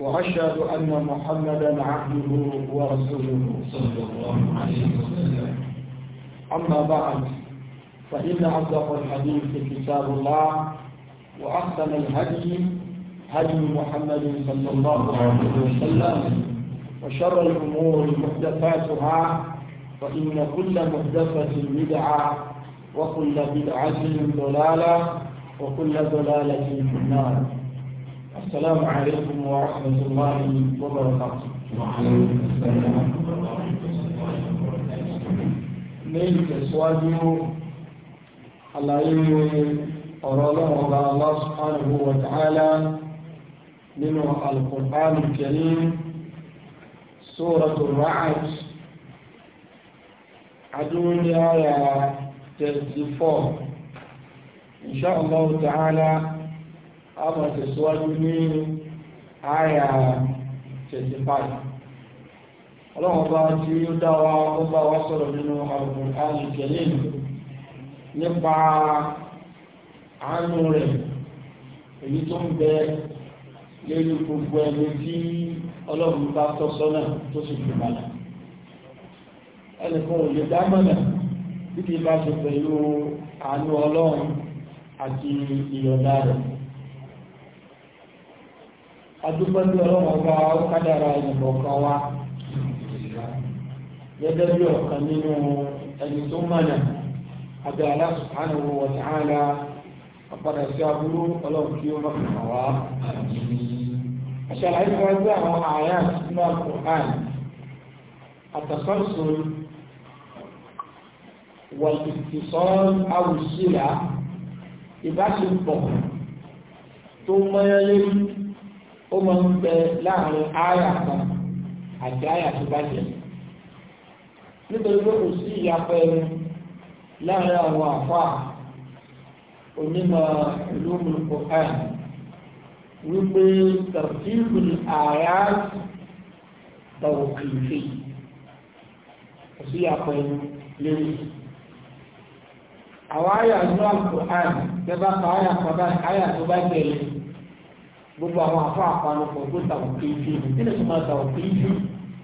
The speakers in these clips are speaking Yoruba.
وأشهد أن محمدا عبده ورسوله صلى الله عليه وسلم أما بعد فإن أصدق الحديث كتاب الله وأحسن الهدي هدي محمد صلى الله عليه وسلم وشر الأمور محدثاتها فإن كل محدثة بدعة وكل بدعة ضلالة وكل ضلالة في النار السلام عليكم ورحمة الله وبركاته وعليكم السلام ورحمة الله وبركاته ليلة تسواجه الله ọ̀rọ̀lọ́wọ́ ọba Allah subhanahu wa ta'ala nínú al-Qur'an al-Karim Suratul Ra'd adúlé ayà 34 insha Allah ta'ala a máa tẹ̀síwájú ní àyà 35 ọlọ́run bá tí ó dá wa ó bá wa sọ̀rọ̀ nínú Al-Qur'an Karim nípa àánú rẹ̀ èyí tó ń bẹ lórí gbogbo ẹni tí ọlọ́run bá tọ́ sọ́nà tó sì fi balẹ̀ ẹnìkan ò lè dá bí kì í bá ṣe pẹ̀lú àánú ọlọ́run àti ìyọ̀dá rẹ̀ adúgbòdì ọlọ́run ọba ọ̀kadàrà ìbọ̀kan wa gẹ́gẹ́ bí ọ̀kan nínú ẹni tó mọ̀nà abẹ́ Allah subhanahu wa ta'ala ọ̀padà sí aburú ọlọ́run kí ó mọ̀kàn wá. àṣàlàyé fún ẹgbẹ́ àwọn àyà sínú Al-Qur'an àtàkọ́sùn wal-ittisal ìbáṣepọ̀ tó mọ́yẹ́lẹ́rú ó máa ń bẹ láàrin àyà kan àti àyà tó bá jẹ nítorí pé kò sí ìyapa ẹnu láàrin àwọn àfa onímọ̀ ìlú mùlùkù ẹ̀ wípé tàbílù àyà tàwọn kìlìfì kò sí ìyapa ẹnu àwọn àyà ìlú àlùkù ẹ̀ tẹ́ bá pa àyà kan báyìí àyà tó bá jẹ yìí gbogbo àwọn afọ àpanupọ̀ tó tàwọn kéjì kí ni sọ́mà tàwọn kéjì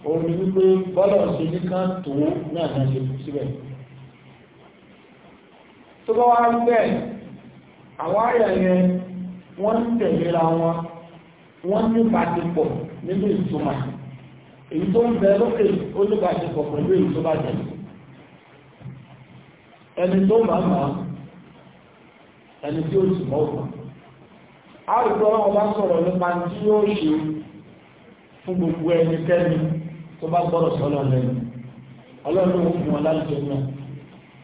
òun ni wípé bọ́lọ̀ ṣe ní kan tó náà náà ṣe kú síbẹ̀. tó bá wá rí bẹ́ẹ̀ àwọn àyà yẹn wọ́n ń tẹ̀léra wọn wọ́n ní ìbáṣepọ̀ nínú ìtumọ̀ èyí tó ń bẹ lókè ó pẹ̀lú èyí tó bá jẹ́ ẹni tó máa máa ẹni tí ó sì mọ́ òkú àwùjọ ọlọ́run bá sọ̀rọ̀ nípa tí ó ṣe fún gbogbo ẹnikẹ́ni tó bá gbọ́rọ̀ sọ́lọ́ lẹ́nu ọlọ́run ló fún wọn lálùjọ náà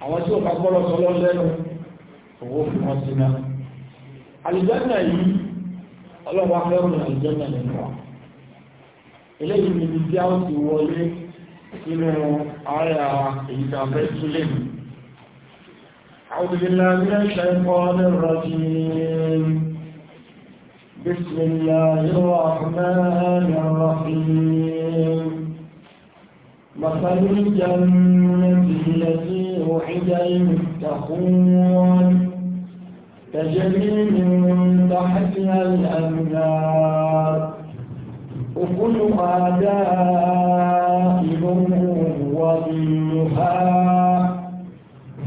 àwọn tí ó bá gbọ́rọ̀ sọ́lọ́ lẹ́nu owó fún wọn sí náà àlùjọ́nà yìí ọlọ́run wá fẹ́ràn àlùjọ́nà nínú wa eléyìí ni ibi tí a ó ti wọlé nínú ààrẹ èyí tá a fẹ́ túlé mi. أعوذ بالله من الشيطان الرجيم بسم الله الرحمن الرحيم مثل الجنة التي وعد المتقون تجري من تحتها الأنهار أكلها دائم وظلها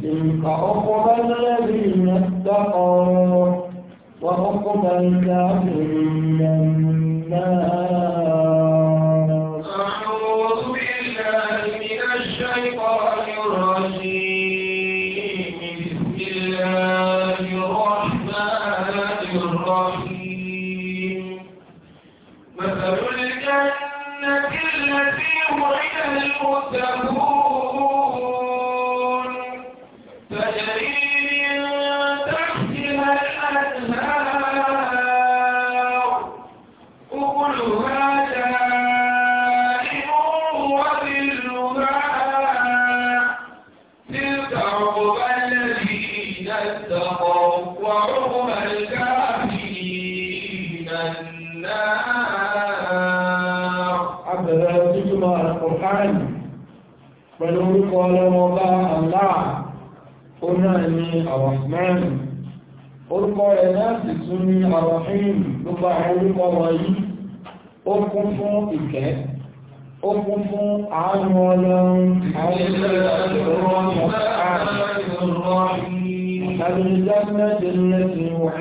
تلك عقبى الذين اتقوا أقبلت منهم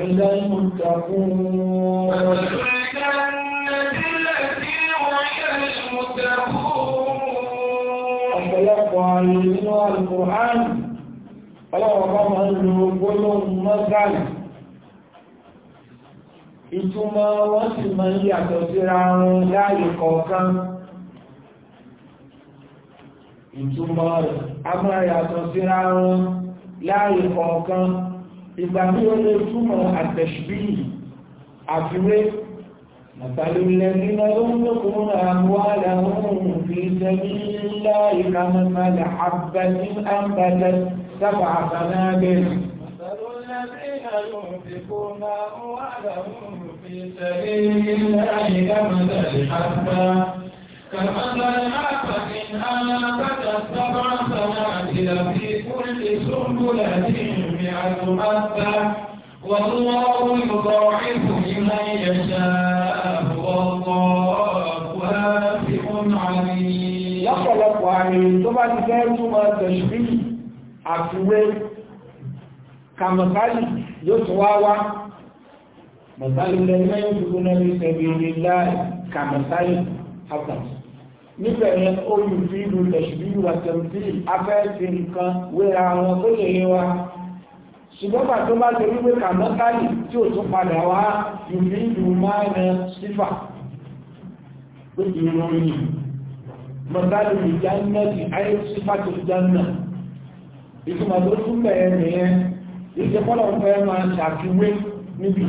وعد المتقون ọ̀pọ̀lọpọ̀ nínú alùkùránì ọlọ́wọ́ bá máa ń lo gbólóhùn mọ́sálì ìtumọ̀ wọ́n sì máa ń yàtọ̀ síra wọn láàyè kọ̀ọ̀kan ìtumọ̀ rẹ̀ a máa yàtọ̀ síra wọn láàyè kọ̀ọ̀kan ìgbà tí ó lè túmọ̀ àtẹ̀ṣbí àfiwé mọ̀tàlúlẹ̀ nínú olókùnrin àmúwàlà ohun fi sẹ́bí ńlá ìkàmọ̀mọ̀lá àbẹ̀ní àbẹ̀lẹ̀ sábà àbẹ̀lẹ̀ كمثل آفة أنبت سبع سنابل في كل سنبلة مئة حبة والله يضاعف لمن يشاء والله واسع عليم lọ́pọ̀lọpọ̀ àmì tó wá wá mọ̀sálì lẹ́yìn ìdúgbò náà ní sẹ̀bí ilé láì kàmọ̀sálì àtàkì níbẹ̀ yẹn olùfíìlú tẹ̀síbílù àtẹ̀mùtì afẹ́ẹ̀sì nǹkan wéra wọn tó lè yé wa ṣùgbọ́n bá tó bá lè wípé kàmọ́kálì tí ò tún padà wá ìlú máàna sífà pé ìròyìn mọ̀tálì ìjánná ti ayé sífà tó jánná ìtumọ̀ tó tún bẹ̀rẹ̀ nìyẹn ìṣẹ́kọ́lọ̀ fẹ́ máa ṣàfiwé níbi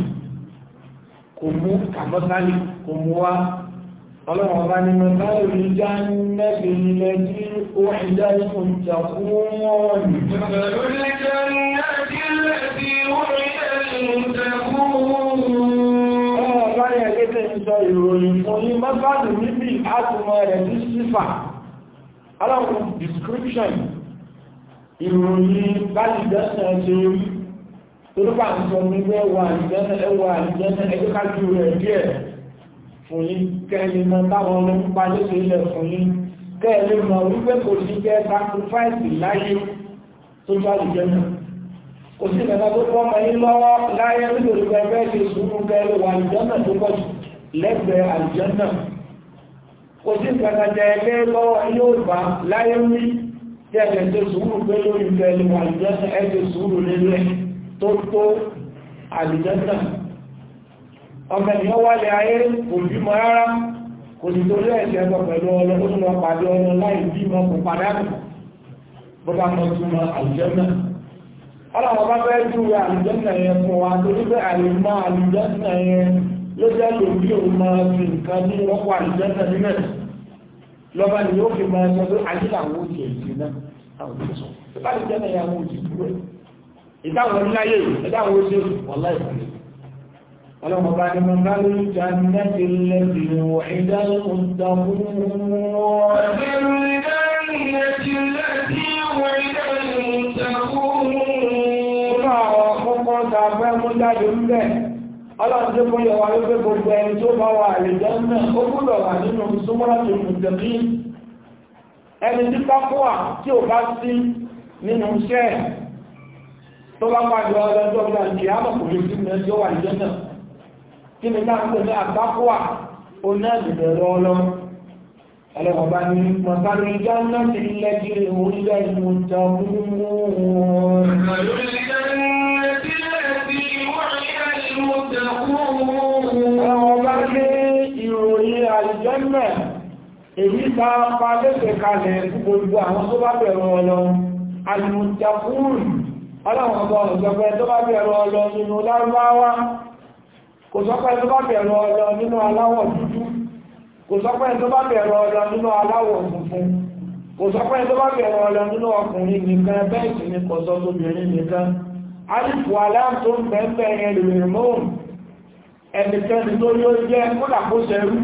kò mú kàmọ́kálì kò mú wá ọlọ́run bá ní mẹ́ta lórí já nẹ́bí ilẹ̀ tí ó ìjá ìfún ìjàkú wọ́n ní ìròyìn fún ní mẹ́bàlù níbi àtùmọ̀ rẹ̀ ní sífà aláwọ̀ description ìròyìn báyìí dẹ́sẹ̀ ṣe rí tó ló bá ń sọ nígbẹ́ wà ìdẹ́sẹ̀ ẹwà ìdẹ́sẹ̀ ẹgbẹ́kájú rẹ̀ díẹ̀ fún yí kẹ́lìmọ̀ táwọn olóńpa ló ṣe ilẹ̀ fún yí kẹ́lìmọ̀ wípé kò sí jẹ́ sacrifice láyé tó bá lè jẹ́ náà kò sí ìrẹ̀lá tó kọ́ ọmọ yín lọ́wọ́ láyé nítorí pé ẹgbẹ́ ṣe sùúrù kẹ́lì wà àlùjọ́nà tó pọ̀ jù lẹ́gbẹ̀ẹ́ àlùjọ́nà kò sí ìrẹ̀lá jẹ́ ẹgbẹ́ lọ́wọ́ ọmọ ènìyàn wálẹ̀ ayé kò bímọ rárá kò sì torí ẹ̀sẹ̀ ẹ̀kọ́ pẹ̀lú ọlọ́dún lọ pàdé ọlọ́ láì bímọ kò pàdánù bó bá mọ túmọ̀ àlùjẹ́nà ọlọ́wọ́ bá fẹ́ yẹn fún wa torí pé àlùmọ́ àlùjẹ́nà yẹn ló jẹ́ lòdì òun máa fi nǹkan ní nílẹ̀ lọ́ba ni yóò fi máa sọ pé ayé làwọn ò jẹ ìdí náà àwọn ò ọlọ́run bá ní mo bá ló ń ta nẹ́ẹ̀tì lẹ́bi wọ̀ ẹ̀dá ló ń ta fún wọn. ọ̀gbẹ́rù ìdá ìrìnàjò lẹ́bi wọ̀ ẹ̀dá ló ń ta fún wọn. ó máa wọ kókó ta fẹ́ mú jáde ń bẹ̀. ọlọ́run tó kọ́ yẹ wá wípé gbogbo ẹni tó bá wà àlejò náà ó gbúdọ̀ wà nínú súnmọ́lá tó mú tẹ̀lé. ẹni tí pápúà tí ò bá sí nínú iṣẹ́ tó bá pàdé ọlọ́jọ́ gbàgbé àmọ̀kùnrin sí kí ni ká ń pè ní àgbákòwà oná ìbẹ̀rẹ̀ ọlọ́ ẹlẹ́wọ̀n bá ní mọ̀sálù ìjọ náà ti lẹ́jì orílẹ̀ ìmúta múmú ẹ̀wọ̀n bá ní ìròyìn àìjọ́ náà èyí ta pa lẹ́sẹ̀ kalẹ̀ gbogbo àwọn tó bá bẹ̀rẹ̀ ọlọ́ alìmúta ọlọ́wọ̀n bá ọ̀sọ̀fẹ́ tó bá bẹ̀rẹ̀ ọlọ́ nínú lárúbáwá kò sọ́pẹ́ tó bá bẹ̀rọ ọlọ nínú aláwọ̀ dúdú kò sọ́pẹ́ tó bá bẹ̀rọ ọlọ nínú aláwọ̀ funfun kò sọ́pẹ́ tó bá bẹ̀rọ ọlọ nínú ọkùnrin nìkan bẹ́ẹ̀sì ni kò sọ tóbìnrin nìkan alifu aláàmù tó ń bẹ̀ẹ̀bẹ̀ yẹn lè rìn mọ́ ẹnikẹ́ni tó yóò jẹ́ kódà kó ṣẹrú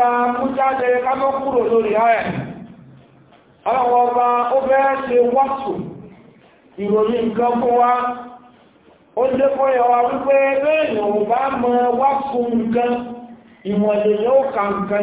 padà mú jáde kámọ́ kúrò lórí ayẹ̀ ọlọ́wọ́ ọba ó fẹ́ ṣe wọ́tù ìròyìn nǹkan fún wa ó lé kó yẹ wípé lẹ́yìn ò bá mọ wọ́tù nǹkan ìmọ̀lẹ̀ yóò kà nǹkan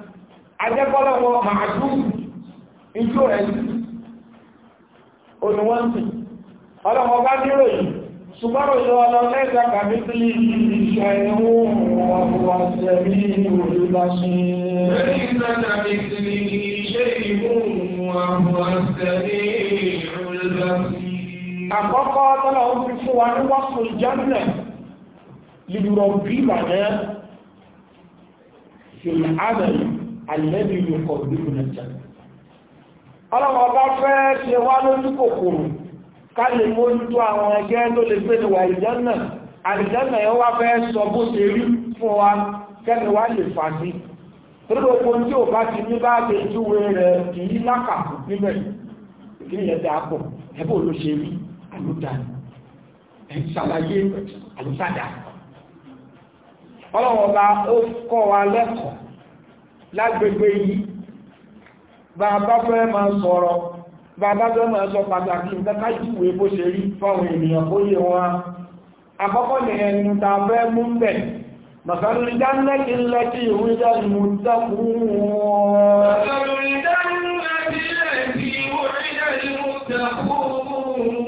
ajẹ́kọ́lọ́ wọn máa dùn ìjọ rẹ̀ oníwọ́nsìn ọlọ́wọ́ bá nírò yìí ṣùgbọ́n òṣèrè ọlọ́ mẹ́ta kàbí tí iṣẹ́ ìhún ọ̀pọ̀ ṣẹ̀mí olùdásí àkọ́kọ́ tọ́lọ̀ ń fi fún wa ní wọ́pù ìjọ́nlẹ̀ lìrọ̀ bí ìbàjẹ́ fi àbẹ̀lẹ̀ àlẹ́bí yóò kọ̀ nínú nàìjà ọlọ́wọ́ bá fẹ́ ṣe wá lójú kòkòrò ká lè mójútó àwọn ẹgbẹ́ tó lè gbé níwà àlìjánà àlìjánà yẹn wá fẹ́ sọ bó ṣe rí fún wa kẹ́ni wá lè fà sí torí ogun tí ò bá ti ní bá ṣe júwe rẹ̀ kì í lákàkù níbẹ̀ kí ni ẹ̀dá pọ̀ ẹ̀bọ̀ ló ṣe rí àlùdà ẹ̀ ṣàlàyé àlùsàdà ọlọ́wọ́ bá ó kọ́ wa lẹ́kọ̀ọ́ lágbègbè yìí bàbá fẹ́ máa sọ̀rọ̀ bàbá fẹ́ máa sọ pàtàkì ìtàkà ìwé bó ṣe rí fáwọn ènìyàn ó yẹ wọn àkọ́kọ́ ni ẹnu ta fẹ́ mú bẹ̀ màsàlùrí dánilẹ́kì lẹ́kì ìwé dánimú dákùn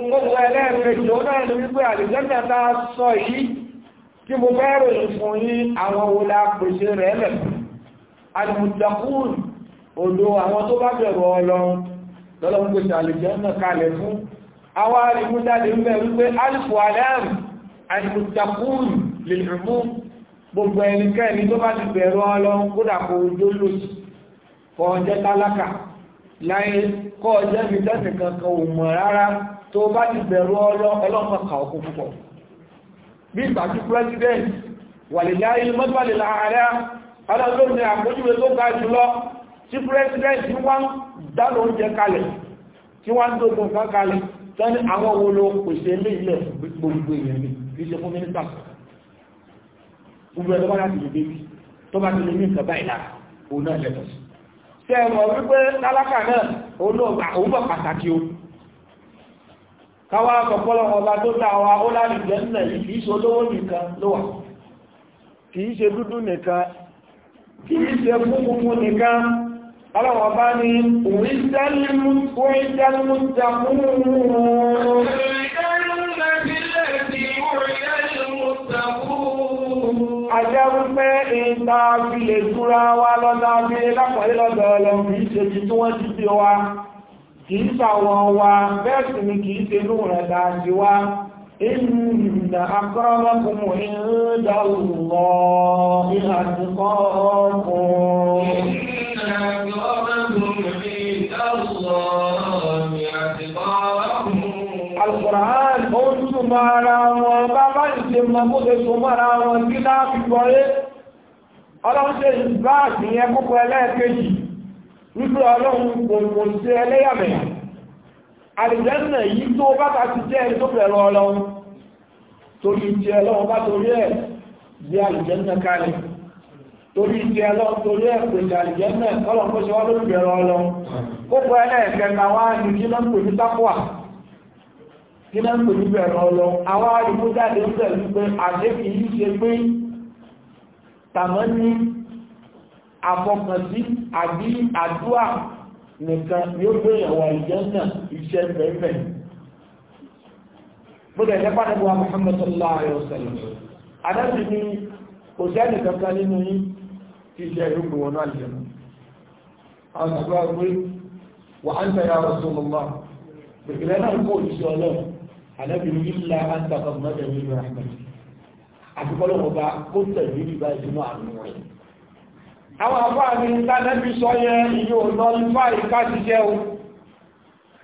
Gbogbo ẹlẹ́ẹ̀kejì ó náà ní wípé àlìjẹ́mẹ̀ ta sọ yìí kí mo fẹ́ ròyìn fún yí àwọn wo la pèsè rẹ̀ lẹ̀kùn alìmùtàkùn odò àwọn tó bá bẹ̀rù ọlọ́run lọ́lọ́run pèsè àlùjẹ́ náà kalẹ̀ fún àwọn alìmújáde ń bẹ̀rù pé alìfò alẹ́rù alìmùtàkùn lè mú gbogbo ẹnikẹ́ni tó bá ti bẹ̀rù ọlọ́run kódà kò ojú lòsì kò jẹ́ tálákà láyé kò jẹ́ mi bí ìgbà tí pírẹ́sidẹ́ntì wà lè láyé mọ́tò ọlọ́run ní àpójúwe tó ga jùlọ tí pírẹsidẹ́ntì wá ń dánà oúnjẹ kalẹ̀ tí wá ń dógún kan kalẹ̀ tẹ́ni àwọn owó ló pèsè ilé ilẹ̀ gbogbo èèyàn ní kìí ṣe fún mínísítà gbogbo ẹ̀dọ́ bá láti lè débi tó bá ti lè ní ìkàbá ìlà òun náà lẹ́tọ̀ sí ṣe ẹ̀mọ̀ wípé ọba tó ta ó láti jẹ́ nílẹ̀ kìí nìkan ló kìí ṣe dúdú nìkan kì í ṣe fún gbogbo nìkan aláwọ̀ bá ní òwúrítẹ́lìmùtàkùnrùn Àjẹ́ wípé ìta fi lè túra wá lọ́dá bí lápàrí lọ́dọ̀ ọlọ́run kìí ṣe ti tí wọ́n ti bí wa, kìí ṣàwọn wa, bẹ́ẹ̀ sì ni kìí ṣe lóòrẹ̀ dáa ti wá. إن أكرمكم عند الله أتقاكم إن أكرمكم عند الله أتقاكم القرآن قل سمارا وبابا يسمى سمارا وكذا في قريب ọlọ́run ṣe ìgbà àti ẹkùnkùn ẹlẹ́ẹ̀kejì wípé ọlọ́run kò kò sí ẹlẹ́yàmẹ̀yà àlìjẹ́nà yìí tó bá ta ti jẹ́ ẹni tó bẹ̀rẹ̀ ọlọ́run torí ti ẹlọ́run bá torí ẹ̀ bí àlìjẹ́nà kalẹ̀ torí ti ẹlọ́run torí ẹ̀ pèsè àlìjẹ́nà kọ́lọ̀ kó ṣe wá lórí bẹ̀rẹ̀ ọlọ́run ó pọ̀ ẹlẹ́ẹ̀kẹta wá ní kí ń pè ní tápọ̀à kí ń pè ní bẹ̀rẹ̀ ọlọ́run àwọn arìmú jáde ń bẹ̀ wípé àṣẹ kì ṣe pé tàmọ́ ní àfọkànsí àbí àdúrà nìkan ni ó gbé ìyàwó àìjẹ́nà iṣẹ́ bẹ̀rẹ̀ bóde ẹ̀jẹ̀ bá dẹ́gbọ́ Muhammad sallallahu alayhi wa sallam adájú ni kò sí ẹnì kankan nínú yín tí iṣẹ́ ìlú gbòwò náà lè mú àwọn àfáà ní ìtànẹ́bí sọ yẹ ìyó lọ nípa ìká ti jẹ́ o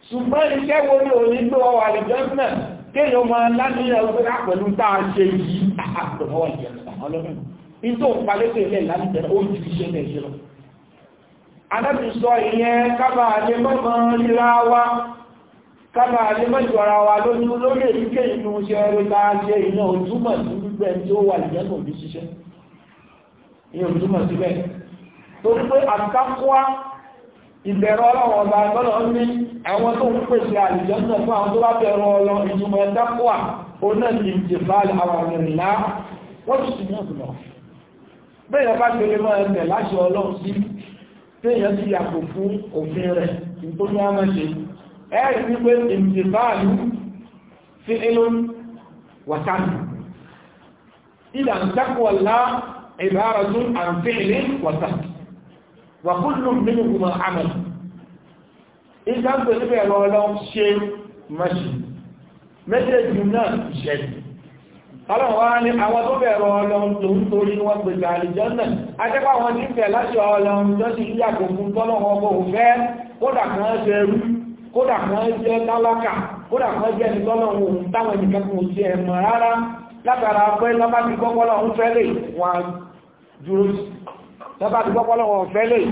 ṣùgbọ́n iṣẹ́ wo ni ò ní gbé ọwà àlìjẹ́sìnà kéèyàn máa láníyàn ọgbẹ́ ah, pẹ̀lú táà ṣe yìí àpẹ̀mọ́ ah, ah, ìjẹ̀sìnà ọlọ́run ìtò ìpàlẹ́sẹ̀ ilẹ̀ ìlànìjẹ̀ ó ju iṣẹ́ náà ṣe lọ anábì sọ ìyẹn kábà lè mọ́mọ́ ríra wa kábà lè mọ́jọra wa lójú lórí èdíkẹ́ inú iṣẹ́ rẹ̀ bá jẹ́ iná ojúmọ̀ sí gbígbẹ́ tí ó wà torí pé àtàkùá ìbẹ̀rọ ọlọ́wọ̀ ọba gbọ́nà ní àwọn tó ń pèsè àlùjànnà fún àwọn tó bá bẹ̀rọ ọlọ ìjùmọ̀ ẹ̀dàkùá ó náà ti jẹ fàálì àwọn ìrìnlá wọ́n ti sì náà lọ bẹ́ẹ̀ bá tẹ̀lé mọ́ ẹgbẹ̀ láti ọlọ́run sí téèyàn ti yàgò fún òfin rẹ̀ tó ní àmọ́ ṣe ẹ̀rì wípé ìjì fàálù sí inú wàtánù ìdàntàkùọ̀lá ìbára tún àǹfẹ́ ilé wàtánù wà kúlù nínú ìgbìmọ̀ àmàlì ìgbàgbé níbẹ̀ ẹ̀rọ ọlọ́run ṣe mọ́ṣì méjèèjì náà ìṣẹ̀lẹ̀ ọlọ́run wá ní àwọn tó bẹ̀rọ ọlọ́run tó ń torí wọn pèsè àlìjọ́ náà ajẹ́pá wọn ti fẹ̀ láti ọlọ́run tó ti yí àkókò tọ́lọ́wọ́ ọgbọ̀ òfẹ́ kódà kan ṣe rú kódà kan jẹ́ tálákà kódà kan jẹ́ ní tọ́lọ́run òun táwọn ènìyàn kò ṣe ẹ̀mọ̀ rárá látara pé lọ́bá ti gbọ́gbọ́lọ́run tẹ́bá ti gbọ́pọ́ lọ́wọ́ fẹ́lẹ̀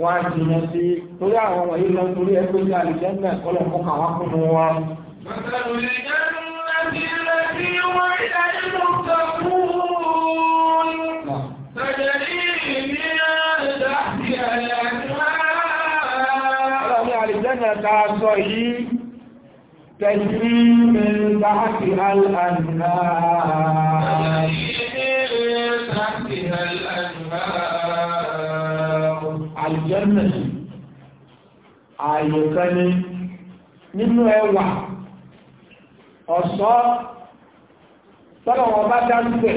wọn á ti yẹn sí torí àwọn ọmọ lọ torí ẹgbẹ́ ní àlùjẹ́ńdà kọ́lọ̀ mọ́ kàwá fún un wa. tẹ̀sí mi bá ti hàlànà. Tẹ̀sí mi bá ti hàlànà àlìjẹ́nà ààyè kan ní nínú ẹwà ọ̀ṣọ́ tọ́lọ̀ wọn bá dárúgbẹ̀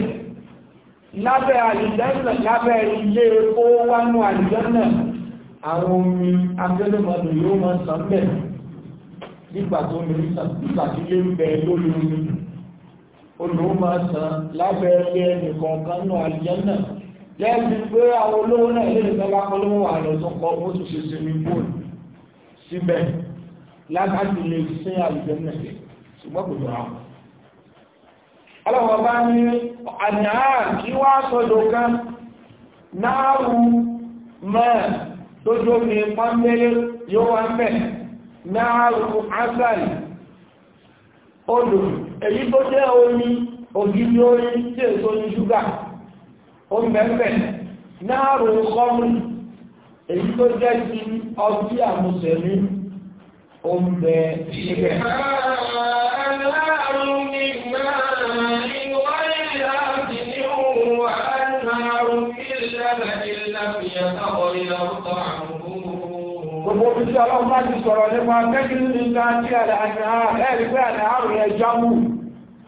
lábẹ́ àlìjẹ́nà lábẹ́ ilé epo wánú àlìjẹ́nà àwọn omi agbẹ́lẹ́mọ̀dù yóò mọ́ sọ́bẹ̀ nígbà tó lè nígbà tí lè ń bẹ lórí omi olùmọ̀ sàn lábẹ́ ilé ẹnìkọ̀ọ̀kan náà àlìjẹ́nà lẹ́bi pé àwọn olówó náà ilé ìfẹ́lá polówó wà lọ tó kọ ó tún ṣe sí ní bóòlù síbẹ̀ lágbàtí lè sí àlùjẹ́nà ṣùgbọ́n kò jọra wọn. ọlọ́wọ́ bá ní ka kí wá sọ́dọ̀ kan náà wù mọ́ tójú omi pọ́nbélé yóò wá mẹ́ náà wù ásàlì odò èyí tó jẹ́ omi ògidì orí ó mẹ́fẹ̀ náàrù kọ́mù èyí tó jẹ́ ti ọdí àmúsẹ̀mí ó ń bẹ ṣíbẹ̀ Gbogbo bí tí ọlọ́run bá ti sọ̀rọ̀ nípa kẹ́kìrì ní ká tí àrẹ àrẹ ẹ̀rí pé àrẹ àrùn ẹjọ́ mú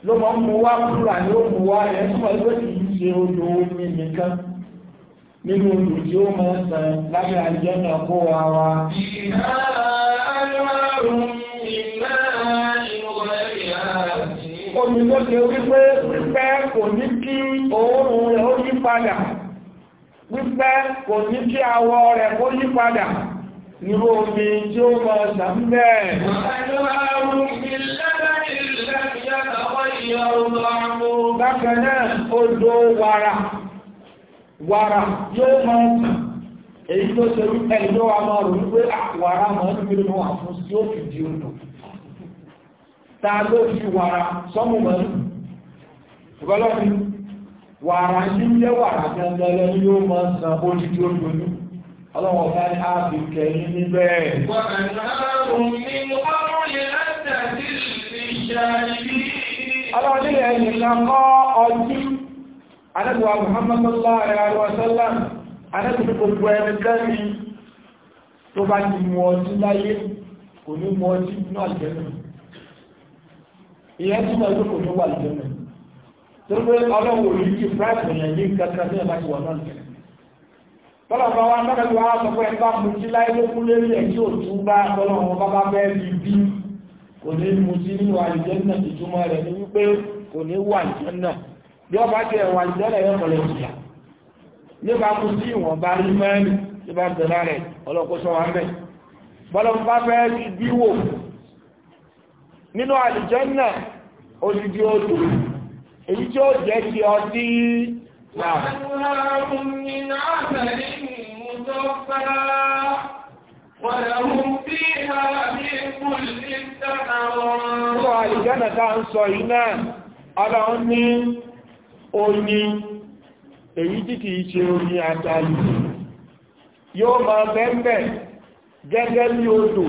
ló mọ́ mú wá kúrò àní ó mú wá ẹ̀ túnmọ̀ ìgbésí ṣe odò omi nìkan nínú odò tí ó máa sàn lábẹ́ àjẹ́nà kó wa wa. Omi tó ṣe wípé wípẹ́ kò ní kí òórùn rẹ̀ ó yí padà, wípẹ́ kò ní kí awọ rẹ̀ kó yí padà, nírú omi tí ó máa sàn bẹ́ẹ̀. Wọ́n bákan náà odò wàrà wàrà yóò máa tàn èyí tó ṣe rí ẹ̀yọ́ wa máa rò wàrà ó fi di odò ta ló fi wàrà sọ́mù san bá ní ààbì níbẹ̀ náà ní aláwọ̀dílẹ̀ ẹ̀yìnlá kọ́ ọjí anẹ́bùwà muhammadu aláwọ̀sálàm anẹ́bùwà gbogbo ẹnikẹ́ni tó bá ti mú ọjí láyé kò ní mú tí wọ́n ní wà tó gbé ọlọ́wọ̀ yìí ti ní ní ẹ̀bá ti wà náà láyé kò ní mú sí nínú àlùjànnà ìtumọ̀ rẹ̀ ní wípé kò ní wà àlùjànnà bí ó bá jẹ́ ẹ̀wà àlùjànnà yóò kọ̀lẹ̀ ìjìyà nípa kú sí ìwọ̀n bá rí mẹ́rin tí bá bẹ̀rẹ̀ rẹ̀ ọlọ́kọ́sọ́ wa mẹ́ bọ́lọ́mù bá fẹ́ rí bíwò nínú àlùjànnà odidi odò èyí tí ó jẹ́ ti ọdí náà ولهم فيها من كل èyí tí ṣe àtàlù yóò gẹ́gẹ́ odò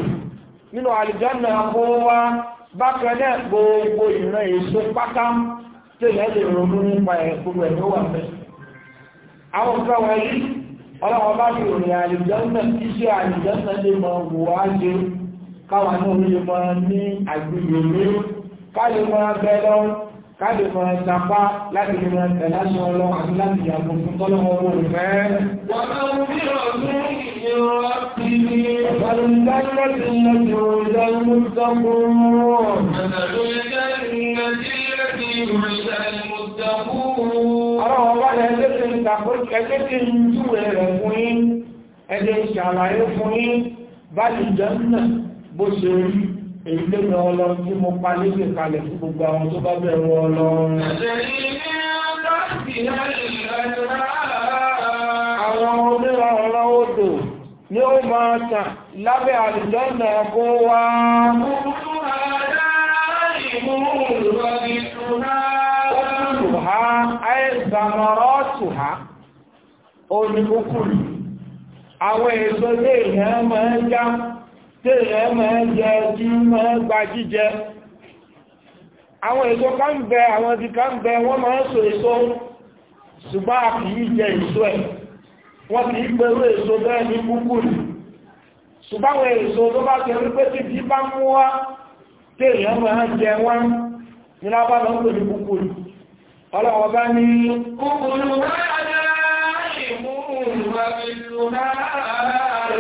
nínú àlìjánà wá bákanẹ́ gbogbo ìran èso pátá tí nípa ẹ̀kùnrin àwọn ọlọ́wọ́ bá ní òrìn àlìjọ́nà iṣẹ́ àlìjọ́nà lè mọ wùwá káwà náà lè mọ ní àgbìyànlé káàlè mọ abẹ́lọ́ káàlè mọ ìtàpá láti lè mọ tẹ̀láṣọ ọlọ́wọ́ láti yàgò fún tọ́lọ́wọ́ òun fẹ́ wọ́n máa ń ẹjẹ́ tí ń júwẹ̀ rẹ̀ fún yín ẹjẹ́ ìṣàlàyé fún yín bá ti jẹ́ bó ṣe rí èyí lè tí mo pa lédè kalẹ̀ fún gbogbo àwọn tó bá bẹ̀rù ọlọ́run àwọn onírà ọ̀rọ̀ odò ni ó máa tàn lábẹ́ àdìjọ́ ẹ̀kọ́ wa mú ha àìsàmọ̀rọ́tùhá oníkúkúrù àwọn èso lè rẹ̀ mọ́ ń já tí rẹ̀ mọ́ ń jẹ tí mọ́ ń gba jíjẹ àwọn èso ká ń bẹ àwọn ti ká ń bẹ wọ́n máa ń so èso ṣùgbọ́n a kì í jẹ èso ẹ̀ wọ́n kì í pẹ̀lú èso bẹ́ẹ̀ ní kúkúrù ṣùgbọ́n àwọn èso tó bá tẹ̀lú pé tí bí bá mú wá tí èèyàn máa ń jẹ wọ́n ní lábá lọ́pọ̀ ọlọ́wọ́ bá ní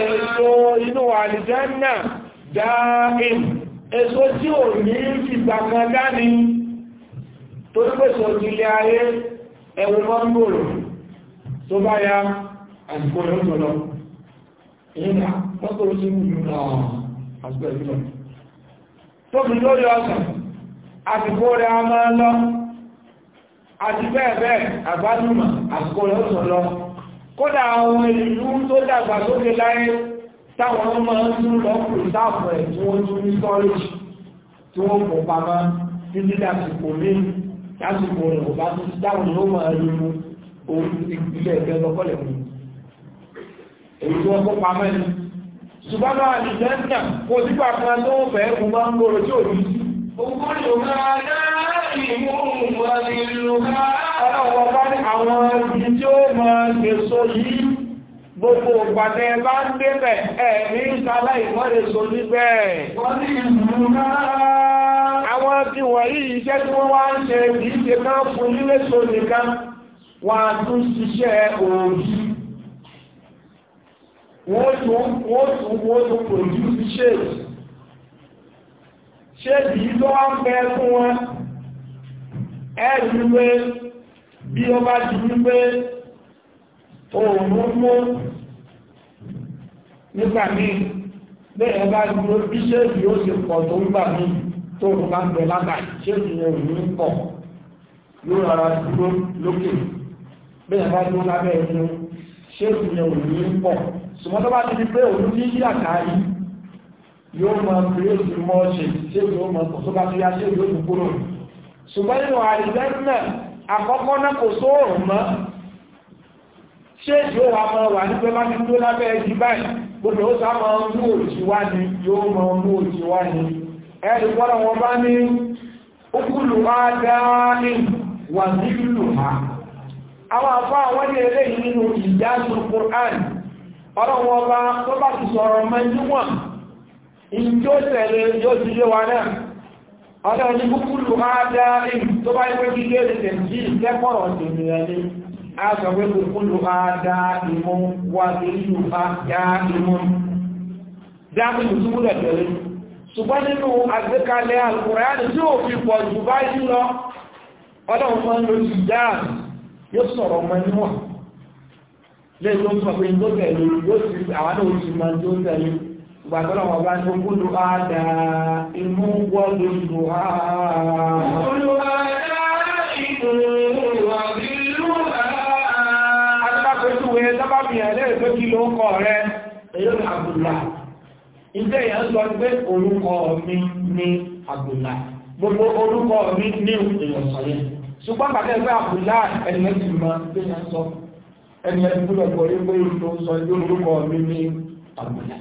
èso inú àlìjánà dáìm èso tí ò ní ìgbà kan dání tó pèsè òjìlé ayé ẹ̀wọ̀n mọ́ngòrò tó bá ya àìkò lọ́pọ̀lọ́ ìrìnà mọ́ngòrò sí mú náà àgbẹ̀ ìlọ́ tó fi lórí ọ̀sán àtìkò rẹ̀ a máa lọ́pọ̀ àti bẹ́ẹ̀ bẹ́ẹ̀ àbánúmà àkókò rẹ̀ ọ̀sán lọ kódà àwọn ìlú tó dàgbà sókè láyé táwọn ọmọ ń lọ pè sáàpù ẹ̀ tí wọ́n tún ní sọ́rẹ́jì tí wọ́n kò pamọ́ títí dàsìkò mí dàsìkò rẹ̀ kò bá tún sí táwọn ìlú mọ̀ ẹ́ lóko òun ìpìlẹ̀ ẹ̀gbẹ́ lọ́kọ́lẹ̀ mi èyí tí wọ́n kó pamọ́ ni ṣùgbọ́n náà àdìsẹ́ ń tàn tó ń fẹ́ kó máa ń gbòòrò tí ò ní sí. òun kò ní Gbogbo ìpàdé bá ń débẹ̀ ẹ̀mí ń sálá ìmọ́lẹ̀ so níbẹ̀. Àwọn ti wọ̀nyí iṣẹ́ tí wọ́n wá ń ṣe kìí ṣe náà fún nílé so nìkan, wọ́n tún ṣiṣẹ́ òòrùn. Wọ́n tún ẹ̀rù pé bí ó bá ti ní pé òun mú nígbà míì bẹ́ẹ̀ bá dúró bí ṣéèkì ó ṣe pọ̀ tó ń gbà míì tó ń bá ń bẹ lábàá ṣéèkì yẹn ò ní pọ̀ yóò rárá dúró lókè bẹ́ẹ̀ bá dúró lábẹ́ ẹ̀yìn ṣéèkì yẹn ò pọ̀ ṣùgbọ́n tó bá ti di pé òun ní yí àkáyí yóò mọ pé ó ti mọ́ ṣe ṣéèkì ó mọ tó bá ti yá ṣéèkì ó ti kúrò ṣùgbọ́n nínú àìjẹ́mẹ̀ àkọ́kọ́ náà kò sóòrùn mọ́ ṣé yóò wà mọ́ wà ní pé ní tó lábẹ́ ẹjì báyìí gbogbo ó sáwọn máa òjì wá ní yóò máa òjì wá ní wọn bá ní ọ̀dọ́ ní kúkúrù máa dá rí tó bá ipé kí lè tẹ̀ jí lẹ́pọ̀rọ̀ tèmi ẹni a sọ pé kúkúrù máa dá ìmú wà sí ìlú máa dá ìmú dáàbì ìtúkúrẹ̀ tẹ̀lé ṣùgbọ́n nínú àgbékalẹ̀ alùpùrẹ́yàdì tí ó fi pọ̀ jù bá yí lọ ọlọ́run máa ń lo ti dáà yóò sọ̀rọ̀ ọmọ ẹni wọ̀n lẹ́yìn gbàgbọ́dọ̀ wọn bá tó kúlù àdá inú wọ́ọ̀lù ìlú ààrùn. Àtàkùnjúwe sábàbìyàn lè tó kí ló kọ rẹ, èyí ni Abdullah. Ilé èèyàn sọ pé orúkọ mi ní Abdullah. Gbogbo orúkọ mi ní èèyàn sọ yẹn. Ṣùgbọ́n bàtẹ́ pé Abdullah ẹ̀yẹ́ ti mọ pé yẹn sọ. Ẹni ẹni gbọ́dọ̀ pọ̀ yí pé ìlú sọ ilé orúkọ mi ní Abdullah.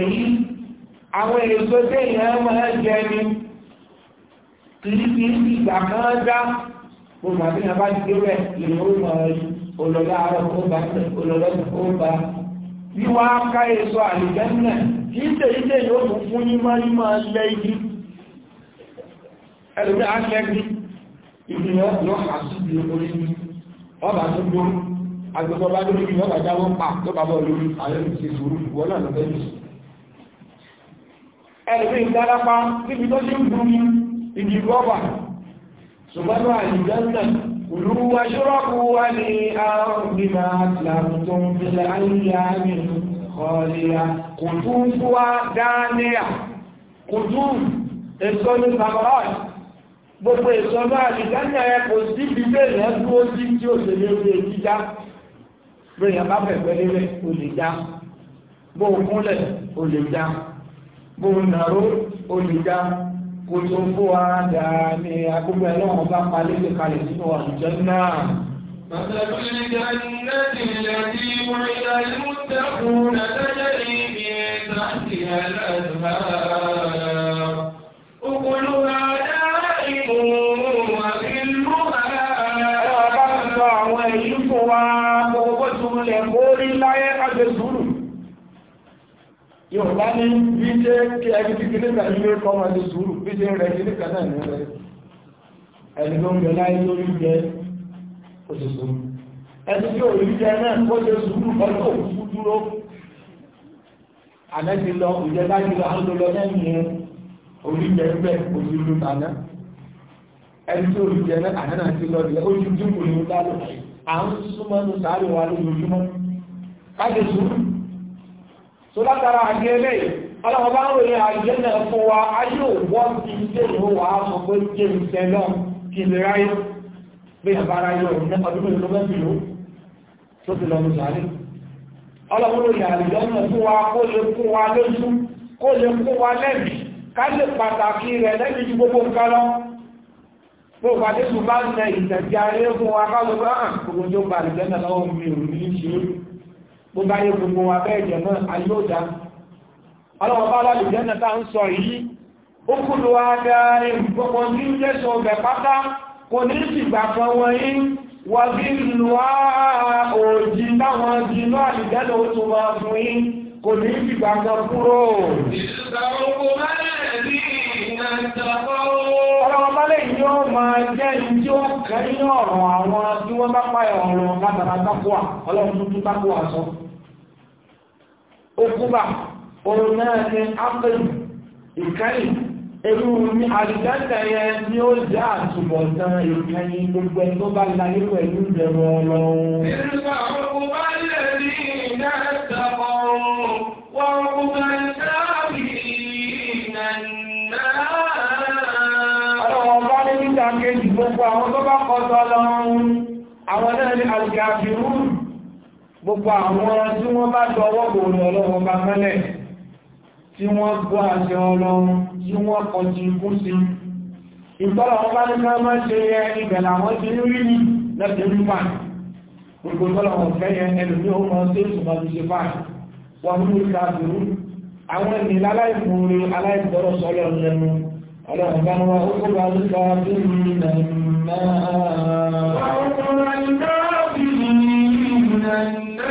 wọ̀nyí àwọn èso tẹ́ ìyẹn máa jẹ ni kìí fi ìgbà kan dá gbogbo àti ìyẹn bá ti dé rẹ̀ ìyẹn ó mọ̀ olọ́lá àárọ̀ ó bá olọ́lá ó bá wíwá ká èso àlùjẹ́nà kìí tèyí tèyí ó tún fún yín máa yín máa lẹ́ igi ẹlòmí àṣẹ́gi ìgbìyàn yọ àṣìbì orí ní ọba tó gbó agbẹ́gbọ́ bá lórí ìgbìyàn bá jáwọ́ pa tó bá bọ́ lórí àyẹ̀lú wọ́n náà lọ́fẹ́ yìí ẹlùmí ìdárápá níbi tó ṣe ń bú ní ibi rọ́bà ṣùgbọ́nà àìjẹ́sẹ̀ olúwa ṣọ́rọ̀kú wá ní àrùn bímá làrùtọ́ ìpìlẹ̀ ayélujára kọ̀ọ̀lẹ́yà kò tún fún wa dáníà kò tún èso ní samaraj gbogbo èso náà àìjẹ́sẹ̀ ẹ kò sí ibi bẹ́ẹ̀ yẹn dúró sí tí ó ṣe lé orí ìjíjá bẹ́ẹ̀ yẹn bá fẹ̀ pẹ́lẹ́lẹ́ o lè já bó kúnlẹ̀ o já bó nàró olùdá kò tó kó ara dà ní agbègbè ẹlọ́wọ̀n bá palẹ́ lè kalẹ̀ sínú àwùjọ náà. مثل الجنة التي وعد المتقون تجري من تحتها الأنهار yóò bá ní bí jẹ́ kí ẹni nígbà ilé kọmọ sùúrù bí jẹ́ rẹ̀ nígbà náà ní rẹ̀ ẹni tó ń lórí jẹ́ òṣèṣù ẹni tí ò rí jẹ́ náà kó jẹ́ sùúrù ọjọ́ ní tó látara àjẹ́ lẹ́yìn ọlọ́wọ́ bá ń ròyìn àjẹ́ náà fún wa ayé òwọ́n ti ṣe ìhò wà á sọ pé jẹ́ ìṣẹ́ náà kí lè ráyé bí àbára yọ ní ọdún mẹ́rin ló mẹ́fì ló tó ti lọ mùsàlẹ̀ ọlọ́wọ́ ròyìn àjẹ́ náà fún wa kó lè fún wa lójú kó lè fún bá ń ah, lọ́wọ́ mi ò ní ṣe é bó bá yẹ gbogbo wa bẹ́ẹ̀ jẹ̀ náà ayé ó dá ọlọ́wọ́ bá lálẹ́ jẹ́ náà tá ń sọ yìí ó kú lọ adarí gbogbo ní jẹ́sọ̀ ọ̀bẹ̀ pátá kò ní ìsìgbà kan wọ̀nyí wà bí lùwà òjì táwọn jìnnà àlìjẹ́nà ó tún máa fún yín kò ní ìsìgbà kan kúrò. ìsìgbà ogun máa Ẹran ọmọlẹ́ yìí ó máa jẹ́ ìjí ó kẹ́ nínú ọ̀rọ̀ àwọn tí wọ́n bá pa ọ̀rọ̀ látara tápùà, ọlọ́run tuntun tápùà sọ. Okúbà, oòrùn náà ni Ápẹ́lú, ìkẹ́yìn, èrú ní àdìgbẹ́sẹ̀ yẹn ni ó jẹ́ àtúbọ̀tán ìkẹyìn gbogbo ẹ̀ tó bá láyé pẹ̀lú ìbẹ̀rù ọlọ́run. Nígbà ọkùnrin bá lè rí ìdá ẹ̀sẹ̀ ọ̀run, wọ́n gbogbo àwọn tó bá kọtọ lọ́run àwọn náà ní alìkàfíhù gbogbo àwọn tí wọ́n bá dọwọ́ gbòòrò ọlọ́run bá mẹ́lẹ̀ tí wọ́n gbọ́ àṣẹ ọlọ́run tí wọ́n kọ ti kú sí ìgbọ́lọ̀ wọn bá ní ká má ṣe yẹ ibẹ̀ làwọn ti ń rí ní lẹ́sẹ̀ rí fà gbogbo ìgbọ́lọ̀ رهبا وعقب الكافرين النار وعقب الكافرين النار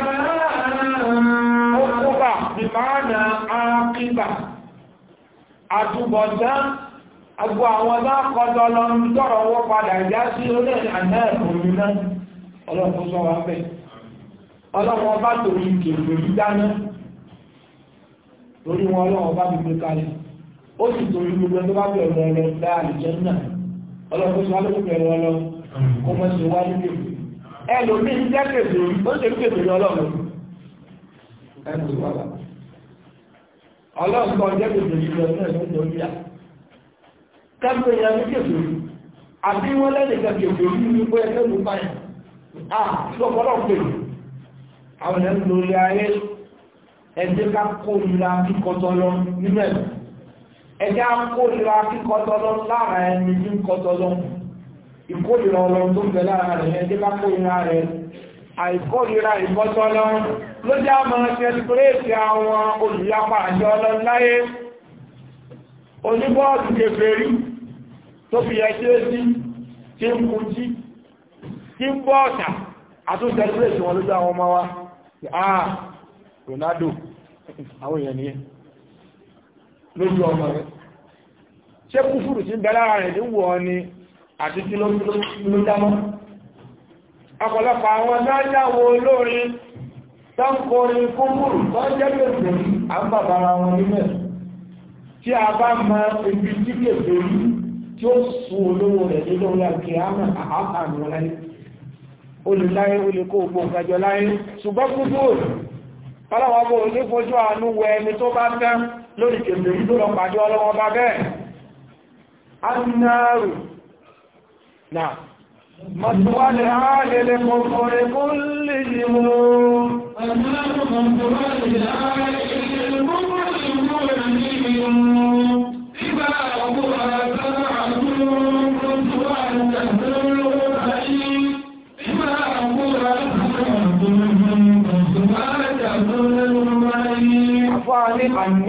عقب بمعنى àwọn bá lọ ń tọ́rọ owó padà sí àná náà sọ wá wọn kalẹ̀ ó sì torí gbogbo tó bá bẹ̀rẹ̀ ọ̀rọ̀ láàrin jẹ́ náà ọlọ́pọ̀ sí wá ló bẹ̀rẹ̀ ọlọ́ kó mọ́ sí wá nílé ẹlòmí ń jẹ́kẹ̀dẹ̀ ó ṣe kẹ̀dẹ̀ ọlọ́run ọlọ́run kan jẹ́kẹ̀dẹ̀ ìlú ọ̀nà ìlú ọ̀nà kẹ́kọ̀ọ́ ìyá ní kẹ̀dẹ̀ àbí wọ́n lẹ́nìí kẹ̀kẹ̀dẹ̀ ní pé ẹgbẹ́ ló bá yẹn ah lọ́pọ̀lọ́ pè àwọn ẹ̀ ń lórí ayé ẹ̀jẹ̀ ká kó ìlà kíkọ́tọ́ lọ nílẹ̀ ẹjá ń kórìíra kíkọ́tọ́lọ́ lára ẹni tí ń kọ́tọ́lọ́ ìkórìíra ọlọ́run tó ń bẹ lára rẹ̀ ẹjẹ́ bá kórìíra rẹ̀ àìkórìíra ìkọ́tọ́lọ́ ló já mọ́ sẹ́lẹ̀kúrẹ́sì àwọn olùyapa àjọ ọlọ́run láyé oníbọ́ọ̀dù kèfèrí tó fi ẹṣẹ́ sí tí ń kú jí tí lójú ọmọ rẹ̀ ṣé kúfùrù tí ń bẹ lára rẹ̀ níwò ọ ni àti tí ló dámọ́ ọ̀pọ̀lọpọ̀ àwọn dájáwò olórin tánkọrin kúfùrù tó jẹ́ pèsè àbàbàrà wọn nílẹ̀ tí a bá mọ ibi tí pèsè yìí tí ó sùn olówó rẹ̀ nínú orí àti àmà àpàmì ọláyé olùláyé olùkó ògbò ìgbàjọ láyé ṣùgbọ́n kúfùrù ọlọ́wọ́ bó ní fojú àánú wẹ ẹni tó bá fẹ́ lórí kèfè yìí tó lọ pàdé ọlọ́wọ́ bá bẹ́ẹ̀ annáàrù na mọ̀tíwálẹ̀ lè yìí mú annáàrù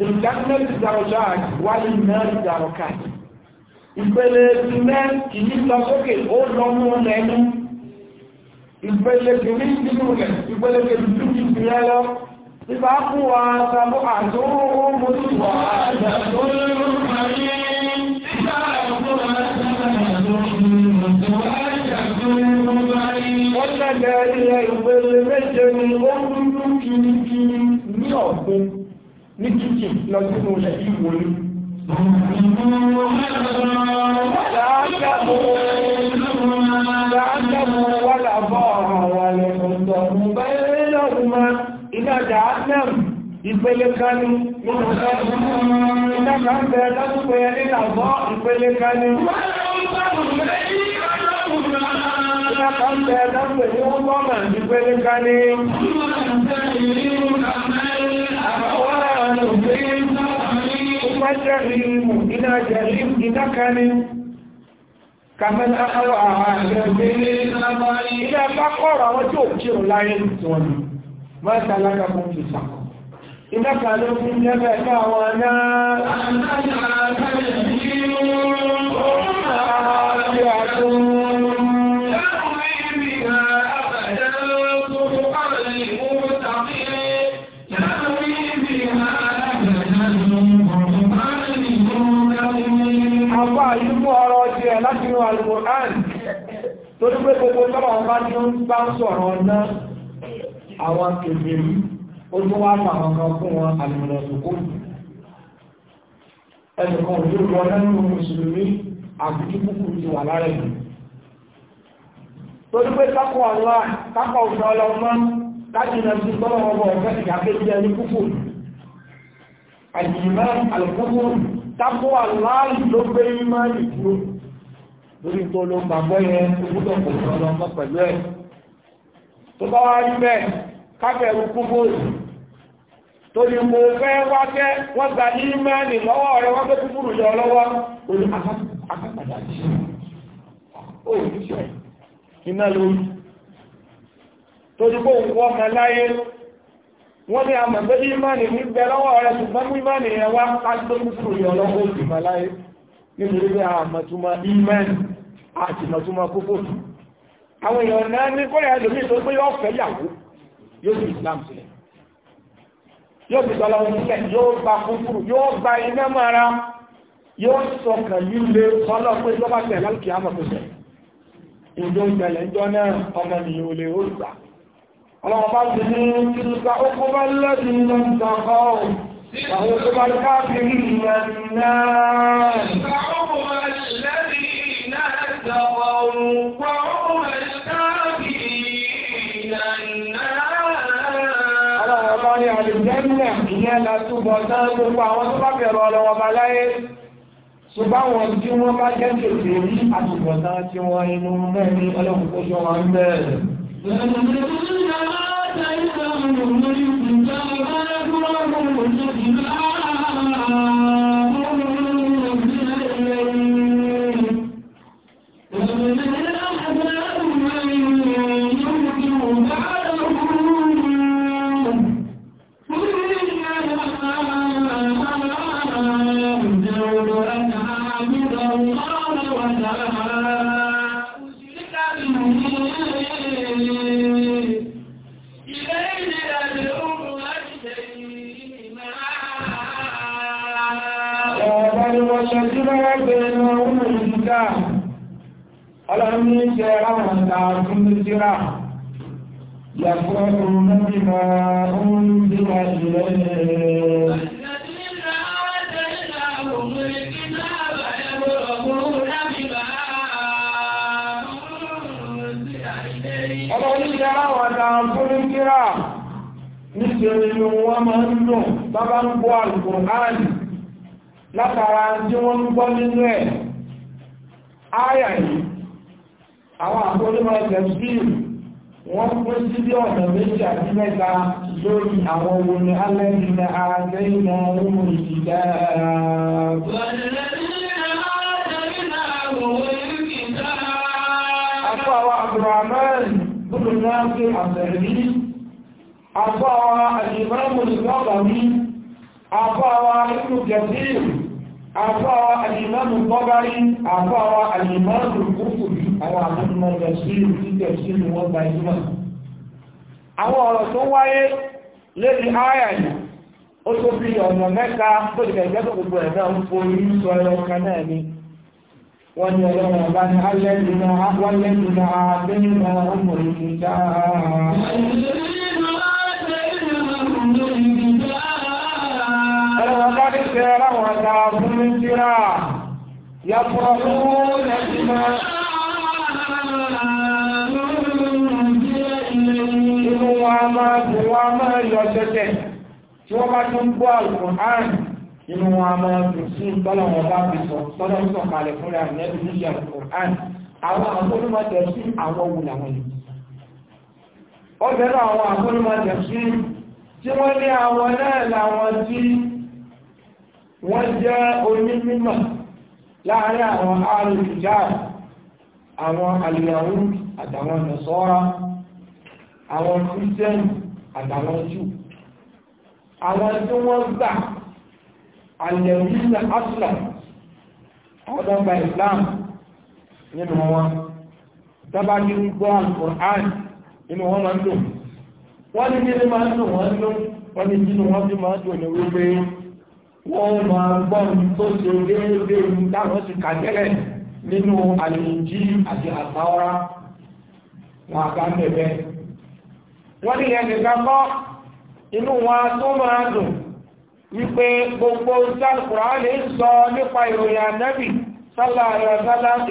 lìjánẹ́tì darajat wà ní náà darakat ìpele ìpínlẹ̀ kìí lọ sókè ó lọ mú ọmọ ẹnu ìpele kìí nínú rẹ̀ ìpele kìí tún ti rẹ̀ lọ ìbá fún wa sàbọ̀ àtòrò mú sí wà Wọ́n ṣẹ̀gẹ̀ ilẹ̀ ìpele méje ni ó ń dúdú kìí kìí ní ọ̀gbìn ní kíkì lọ sínú ilẹ̀ ìwò ní. Láàkàmù wàlà bọ́ ọ̀rọ̀ wà lẹ́kọ̀ọ́ bẹ́ẹ̀ lọ́rùn-ún iná jàánàm ìpele kan ní iná kan bẹ̀rẹ̀ lọ́túnpẹ̀ nílà bọ́ ìpele kan ní. Iná kan bẹ̀rẹ̀ lọ́túnpẹ̀ ní wọ́n bọ́ màá ìpele kan ní. المجرم إلى جريم إنكن كمن أخوى إلى بقرة وتؤجر لا ينسون ما سلككم في سقر إنك لكم نبأ وأنا أنا أنا Al-Qur'an torí pé gbogbo tọ́lọ̀ ọba ní ó ń bá ń sọ̀rọ̀ ọ̀nà àwọn kèfèrí ó tún wá fà wọn kan fún wọn àlùmọ̀lọ̀ sókó ẹnìkan ò yóò lọ lẹ́nu mùsùlùmí àti kíkúkú ti wà lára ẹ̀mí àlùkúkú tápọ̀ ọ̀la ló gbé ìmọ̀ ìdúró lórí tó ló ń bá gbọ́ yẹn gbúdọ̀ kò sọ lọ́mọ pẹ̀lú ẹ̀ tó bá wá rí bẹ́ẹ̀ kábẹ̀rù kúfòrò torí mo fẹ́ wá fẹ́ wọ́n gba ní mẹ́rin lọ́wọ́ rẹ wọ́n fẹ́ kúfòrò yọ lọ́wọ́ orí akápàdà sí ó ìṣẹ́ iná lórí torí kó wọ́n mọ láyé wọ́n ní àmọ̀ pé ní mẹ́rin ní bẹ lọ́wọ́ rẹ ṣùgbọ́n ní mẹ́rin yẹn wá ká tó kúfòrò yọ lọ́wọ́ òsì nítorí pé àmọ̀túnmọ̀ imẹ́ni àti mọ̀túnmọ̀ kókó àwọn èèyàn náà ní kọ́rẹ̀ ẹlòmí tó pé yóò fẹ́ yàwó yóò fi Islam sílẹ̀ yóò fi tọ́lọ sílẹ̀ yóò gba kúkúrú yóò gba iná mara yóò sọkàn líle sọ́lọ́ pé tó bá tẹ̀ lálùkì àmọ̀ tó tẹ̀ ìjọ ìjẹlẹ̀ ìjọ náà ọmọ nìyàn olè ó gbà ọlọ́wọ́ bá ti ní kíkà ó kó bá lẹ́bí ní ìjọkọ́ وهو الكافرين النار فهم الذين تقوا وهم الكافرين النار ọlọ́wọ́ ní àlìjẹ́mìnà ìyẹn látúbọ̀ náà gbogbo àwọn tó bá bẹ̀rọ ọlọ́wọ́ bá láyé ṣùgbọ́n wọn tí wọ́n bá jẹ́ tètè rí àtúbọ̀ náà tí wọ́n inú mẹ́rin ọlọ́wọ́ kó ṣọ́ wọn bẹ́ẹ̀ لا تلقى من مريض كما لا تراه الذي معه يؤمنون بما أنزل إليه Níṣẹ́ ni wọ́n máa ń lò bábá ń gbọ́ Al-Kùránì látara tí wọ́n ń gbọ́ nínú ẹ̀. Áyà yìí, àwọn àkójúmọ̀ ẹ̀sẹ̀ sílù wọ́n pé síbí ọ̀nà méjì àti mẹ́ta lórí àwọn wo ni alẹ́bí na àtẹ́yìn náà rúmù ìdá Àpáwa Abdulrahman Bùdó náà pé àtẹ̀rí, àpáwa Àjìmáàmù Ìgbọ́gbàmí, àpáwa Ibn Kathir, àpáwa awa Bọ́gárí, àpáwa Àjìmáàmù Kúkùn. àwọn àmúlùmọ̀ lọ sí ìlú títẹ̀ sí ìlú gba ìjúmọ̀ àwọn ọ̀rọ̀ tó wáyé lórí ààyà yìí ó tó fi ọ̀nà mẹ́ta tó gbogbo ẹ̀dá ń forí sọ ẹ̀rọ kan náà ni wọ́n ní ọlọ́run yàtọ̀ fún Inú wọn a máa bù wọn a máa lọ sẹ́tẹ̀ tí wọ́n bá tún gbọ́ àlùkùn àrùn inú wọn a máa dùn sí ìtọ́lọ̀wọ̀n bá fi sọ tọ́lọ̀ sọ kalẹ̀ fún rẹ̀ nẹ́bí ní àlùkùn àrùn. Àwọn àkónímọ̀ tẹ̀ sí àwọn òun làwọn yìí. Ó bẹ̀rẹ̀ àwọn àkónímọ̀ tẹ̀ sí tí wọ́n ní àwọn náà làwọn tí wọ́n jẹ́ onímọ̀ láàárín àwọn àrùn ìjáàrùn àwọn aliyahud àtàwọn nasọ́ra àwọn christian àtàwọn jù àwọn tí wọ́n gbà alẹ́rìnà aslam ọ̀dọ́gba islam nínú wọn tàbá ní gbọ́ al-Qur'an nínú wọn máa ń dùn wọ́n ní nínú máa ń dùn wọ́n ló wọ́n ní nínú wọ́n fi máa ń dùn ní wípé wọ́n máa gbọ́n tó ṣe déédéé táwọn ti kàtẹ́rẹ̀ nínú àlèjì àti àtàwárá wọn àgbà wọ́n ní ẹni inu inú wọn tó máa dùn wípé gbogbo sálùkùrá lè sọ nípa ìròyìn ànẹ́bì sálà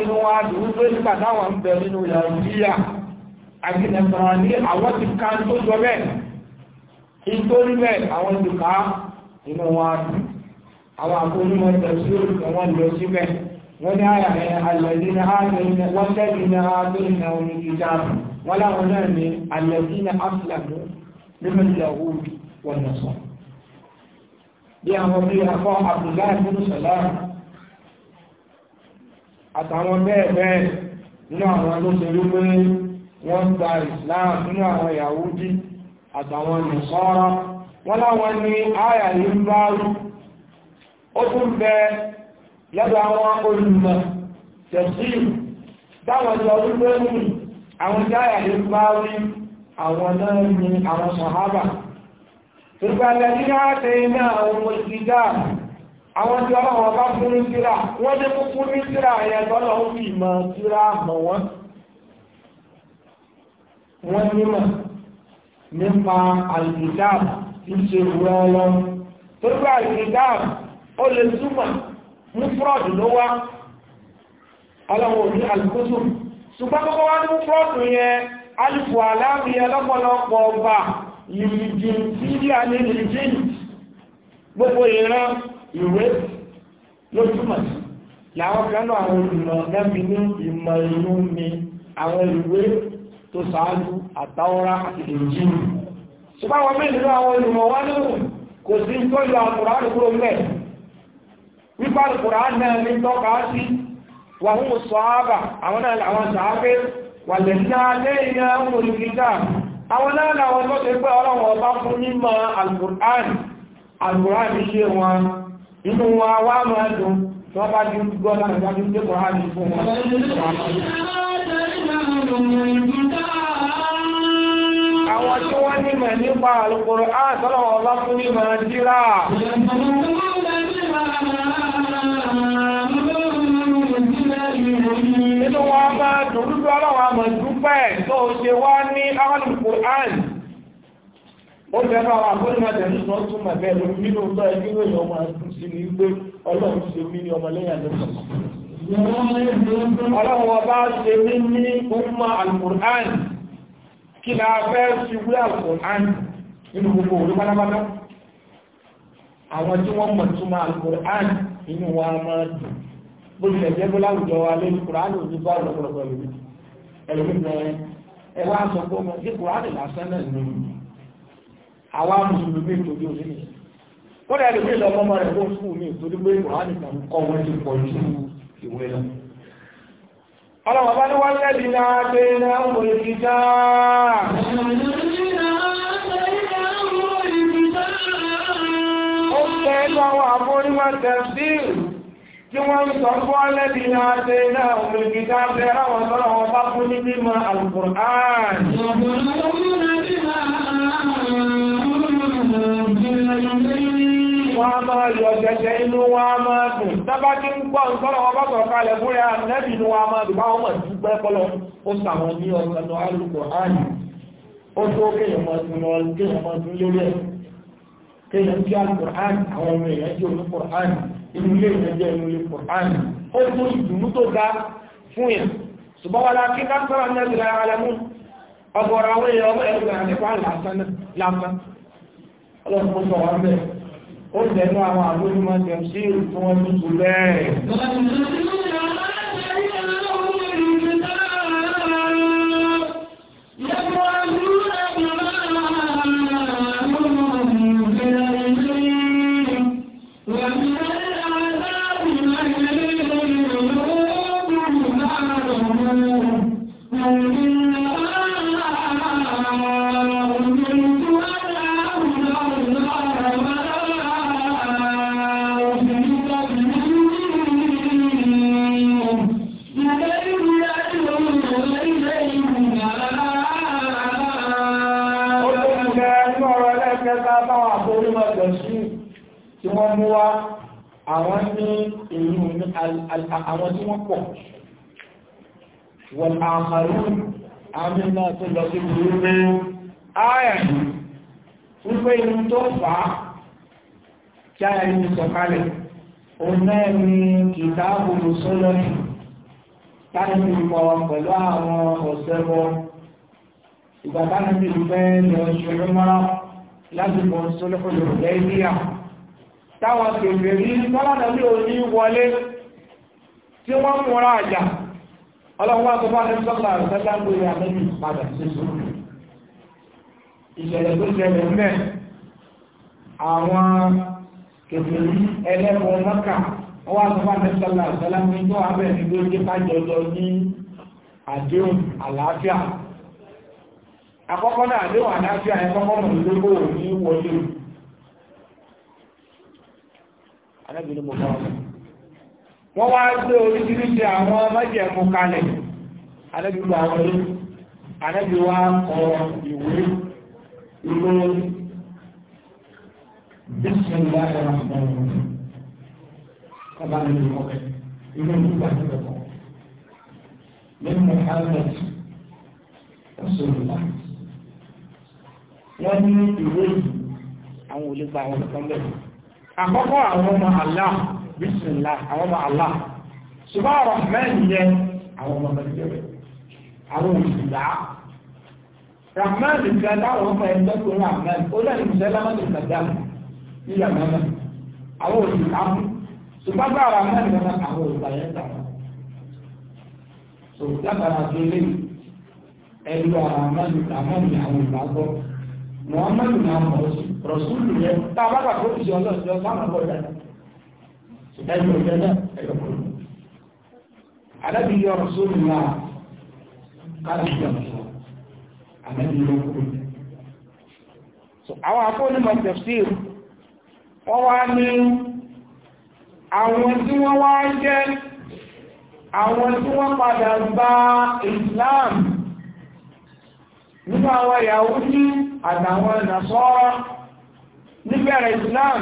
inú wọn àdùn wípé nígbà táwọn ń nínú yàrá àgbìnẹ̀mọ̀ràn ní àwọn ti wọ́n ní àyà ẹ̀ alẹ́dínà wọ́tẹ́dínà àbẹ́nà omi ìjà wọ́n láwọn náà ní alẹ́dínà áfìlàmù nímọ̀lẹ́wò wọ́n nà sọ. bí àwọn bí akọ́ abdullahi bin islam lọ́dọ̀ àwọn olùmọ̀ tẹ̀síù dáwọn jọ wípé ní àwọn jáyà lè bá rí àwọn náà ní àwọn sàhábà ìgbàlẹ̀ ní ààtẹ iná àwọn mọ̀sídá àwọn tí ọlọ́wọ́ bá fún ní síra wọ́n dé kúkú ní síra ẹ̀yẹ tọ́lọ̀ ó lè túmọ̀ múfúrọ́dù ló wá ọlọ́wọ́ ní alìkútù ṣùgbọ́n kọ́kọ́ wá ní múfúrọ́dù yẹn alìkù aláàrí ẹlọ́pọ̀lọpọ̀ ọba ìrìnjìn tí ní alẹ́ ìrìnjìn gbogbo ìran ìwé ló túmọ̀ sí làwọn kanú àwọn ìmọ̀ lẹ́bi ní ìmọ̀ ìlú mi àwọn ìwé tó ṣáájú àtàwọ́rá àti ìrìnjìn ṣùgbọ́n àwọn mẹ́rin àwọn ìmọ̀ wá nínú kò sí tó yọ àkùrá àdúgbò mẹ́rin wípá alùkùrá náà ní tọ́ka sí wàhún sọ́ábà àwọn náà àwọn sàábé wà lè náà lẹ́yìn àwọn olùgbìta àwọn náà làwọn tó ti pẹ́ ọlọ́wọ̀n ọba fún mímọ̀ alùkùrán alùkùrán ṣe wọn inú wa wá máa dùn àwọn tí wọ́n nímọ̀ nípa alùkùrán tọ́lọ̀wọ̀n ọba fún mímọ̀ jíra Nínú wọn bá dòdúdú ọlọ́wọ́ àmọ̀dúpẹ́ tó ṣe wá ní Ahọ́nù Kùrán. Ó bẹ̀rẹ̀ àwọn àgbórímọ̀tẹ̀ nínú ọdún mẹ́bẹ̀ lórí nínú ọjọ́ ẹgbẹ́ ìròyìn ọmọ ẹ̀sùn sí ní gbé ọlọ́run ṣe mí ní ọmọlẹ́yìn àdẹ́sọ̀. Ọlọ́run ọba ṣe mí ní ọmọ Alkùrán kí la fẹ́ ṣe wí Alkùrán nínú gbogbo òní àwọn tí wọ́n mọ̀ túnmọ̀ alukur'an inú wa máa dùn bó tilẹ̀ jẹ́ bó láwùjọ wa lórí kur'an ò ní bá ọ̀lọ́pọ̀lọpọ̀ lórí ẹ̀lú bẹ́ẹ̀ ẹ wá sọ pé ọmọ sí kur'an lásán náà ní àwa mùsùlùmí ìtòjú òní ni kódà ẹ̀lú bí ìlọ́mọ ọmọ rẹ̀ fún fún mi ìtòjú pé kur'an kan kọ́ wọ́n ti pọ̀ ju ìwé lọ. ọlọ́mọba ni wọ́n lẹ́bi náà dé náà nínú àwọn àforímọ̀ tẹ̀síìlì tí wọ́n ń sọ fún ọlẹ́bí náà ṣe náà òmìnirí dábẹ́ àwọn tọ́lọ̀ wọn bá fún ní mímọ̀ alùkùnrin wọ́n máa yọ jẹjẹ inú wa máa dùn tábá tí ń gbọ́ ìtọ́lọ̀ wọn bá sọ kalẹ̀ fúnra nẹ́bì inú wa máa dùn báwọn mọ̀ sí pẹ́kọ́lọ ó sàwọn ní ọ̀sán alùkùnrin ó tó kéèyàn mọ̀ sí lórí ẹ̀ kéèyàn jẹ́ alùpùrán àwọn ọmọ èèyàn jẹ́ olùpùrán inú ilé èèyàn jẹ́ inú ilé pùrán ó mú ìdùnnú tó ga fún yẹn ṣùgbọ́n wà láti ká sọ́rọ̀ anẹ́gbẹ̀rẹ̀ ara mú ọgbọ̀rọ̀ àwọn èèyàn ọmọ ẹgbẹ̀rẹ̀ nípa lásán lámá ọlọ́pùpù sọ wọn àwọn tí wọ́n pọ̀ wọ́n àmàrú àmì náà tó lọ sí burúkú ààyà wípé inú tó fà á kí ààyà inú sọ̀kalẹ̀ ọ̀nà ẹni kìtàbù sọ́lọ́nì táìmì mọ̀ pẹ̀lú àwọn ọ̀sẹ̀bọ̀ ìgbàtánà bí ìfẹ́ lọ ṣọ́rọ̀ mọ́ra láti mọ̀ sọ́lọ́kọ̀lọ̀ lẹ́yìn táwọn kèfèrí tọ́lọ́nà bí òní wọlé tí wọ́n ń wọ́n àjà ọlọ́wọ́ àtọ́fà ní sọ́lá àrùsẹ́lá ń lórí àmẹ́bí padà sí sùúrù ìṣẹ̀lẹ̀ tó ṣẹlẹ̀ mẹ́ àwọn kèfèrí ẹlẹ́kùn mọ́kà ọwọ́ àtọ́fà ní sọ́lá àrùsẹ́lá ń tó abẹ́ ní ló dé kájọjọ ní àdéhùn àlàáfíà àkọ́kọ́ náà àdéhùn àlàáfíà ẹ̀kọ́kọ́ mọ̀ lóko ní wọlé Arábìnrin mo bá ọ̀sán wọ́n wá gbé oríṣiríṣi àwọn mẹ́jẹ̀mú kalẹ̀ Ànábì gba àwọn ilé Ànábì wá kọ ìwé ìlú bíṣẹ̀lá ẹ̀rọ ọba ní ìlú ọ̀kẹ́ ìlú ìgbà tí ó kọ̀ ní Muhammad Rasulullah wọ́n ní ìwé àwọn olùgbà àwọn ọ̀kan bẹ̀rẹ̀ àkọ́kọ́ àwọn ọmọ Allah bísìnlá àwọn ọmọ àlá ṣùgbọ́n ọ̀rọ̀ mẹ́rin yẹn àwọn ọmọ mẹ́rin rẹ̀ àwọn òṣìlá rahman nìkan láwọn ọmọ ẹgbẹ́ tó rahman ó lẹ́yìn ìṣẹ́ lámọ́tò ìgbàdàlù ní yàmẹ́mẹ́ àwọn òṣìlá mú ṣùgbọ́n bá rahman nìkan àwọn òṣìlá yẹn tà wọ́n so látara tó lé ẹlú rahman rahman àwọn ìgbàgbọ́ muhammadu náà mọ̀ ọ́ sí rọ̀ṣúlù yẹn tá a bá gbàgbọ́ ìṣẹ́ ọlọ́ọ̀ṣẹ́ sáwọn ọgbọ́n dáadáa ìdájọ́ ìjọba ẹ̀yọkùn alábìyọ sórí náà káàkiri àmẹ́bìyọ kúrò àwọn afọ́nimọ̀ tẹ̀síl wọ́n wá ní àwọn tí wọ́n wá jẹ́ àwọn tí wọ́n padà gba Islam nípa àwọn Yahudi àtàwọn Nasara níbẹ̀rẹ̀ Islam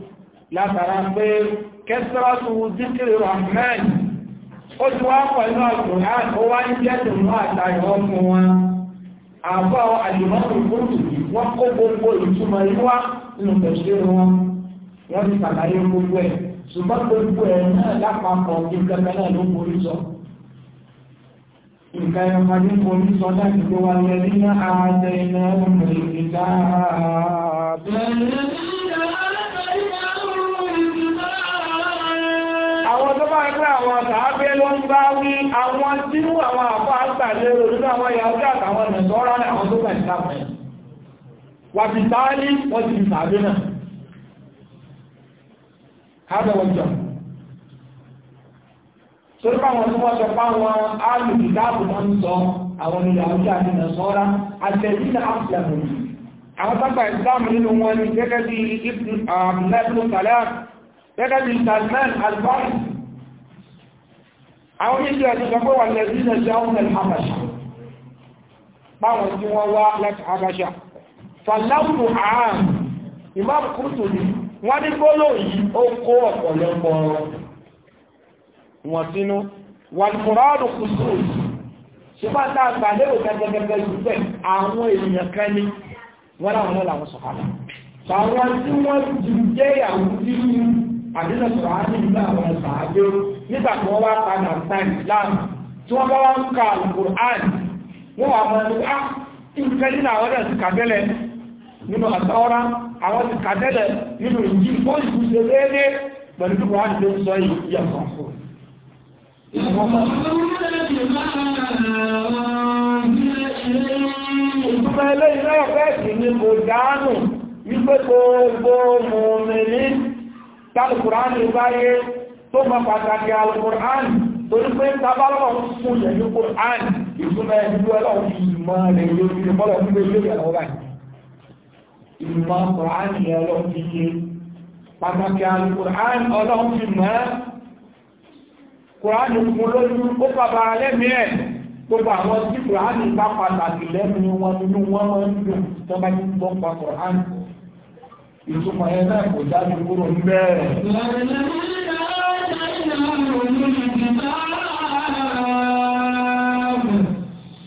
látara pé kẹsàrátù díkìrì rahman ó ti wá pẹ̀lú àkùnrin ó wá ní jẹ́tù mú àtàyọ̀ fún wọn àbọ̀ àjùmọ́kù gbòòrò wọ́n kó gbogbo ìtumọ̀ ìwá nínú pẹ̀ṣẹ́ wọn wọ́n ti sàlàyé gbogbo ẹ̀ ṣùgbọ́n gbogbo ẹ̀ náà lápapọ̀ ìgbẹ̀mẹ̀ náà ló borí sọ nǹkan ẹ̀fà ní borí sọ láti gbé wa lẹ́rí náà ààrẹ ìnáwó mẹ́rin ìdáàbẹ̀ ń bá wí àwọn tí mú àwọn àbá àgbà lérò nínú àwọn ìyàwó àtàwọn ìrìnlọ́rọ̀ ní àwọn tó gbà ìta fẹ́ wà fi táálí wọ́n ti fi sàábé náà káàbẹ̀wọ̀n jọ torí báwọn tí wọ́n sọ fáwọn áàlùkì dáàbò àwọn ìyàwó àti nínú wọn ni gẹ́gẹ́ bí ibùdó àmì lẹ́bùn sàlẹ́ gẹ́gẹ́ bí Salman al-Farisi àwọn méjì àti ìjọpọ̀ wà lẹ́bí ilẹ̀ jẹ́ àwọn ẹ̀lẹ́ àbàṣà báwọn tí wọ́n wá láti àbàṣà fàlámù àán ìmáàmù kúrùtù ní wọ́n ní gbóló yìí ó kó ọ̀pọ̀lọpọ̀ wọn sínú wà ní mùràdù kùsù ṣùgbọ́n tá a gbà lérò gẹ́gẹ́gẹ́gẹ́ ìgbẹ́ àwọn èèyàn kan ní wọ́n láwọn náà làwọn sọ̀kalẹ̀ sàwọn tí wọ́n ti jẹ́ ìyàwó nínú àdínà sọ̀rọ̀ á ní ìgbà àwọn sàábẹ́rù nígbà tí wọ́n wá pa nàìjíríà Islam tí wọ́n bá wá ń ka alukur'an wọ́n wà mọ́ ẹni á ah, nǹkan nínú àwọn náà ti nínú àtàwọ́rá àwọn ti kàtẹ́lẹ̀ nínú ìjì fún ìbùsọ pẹ̀lú tó mọ pàtàkì alukur'an torí pé tábàlọ́ fún yẹn ní kur'an ìtumọ̀ ẹ̀dúró ẹlọ́run ìmọ̀ rẹ̀ lórí rẹ̀ bọ́lọ̀ fún gbé lórí ẹ̀rọ báyìí ìmọ̀ kur'an yẹn ọlọ́run ti yé pàtàkì alukur'an ọlọ́run ti mọ̀ ẹ́ kur'an fún lójú ó bàbá lẹ́mí gbogbo àwọn tí kur'an bá pàtàkì lẹ́mí wọn nínú wọn máa ń tó bá ti gbọ́ pa kur'an ìtumọ̀ ẹ̀ náà kò dájú kúrò ń bẹ́ẹ̀.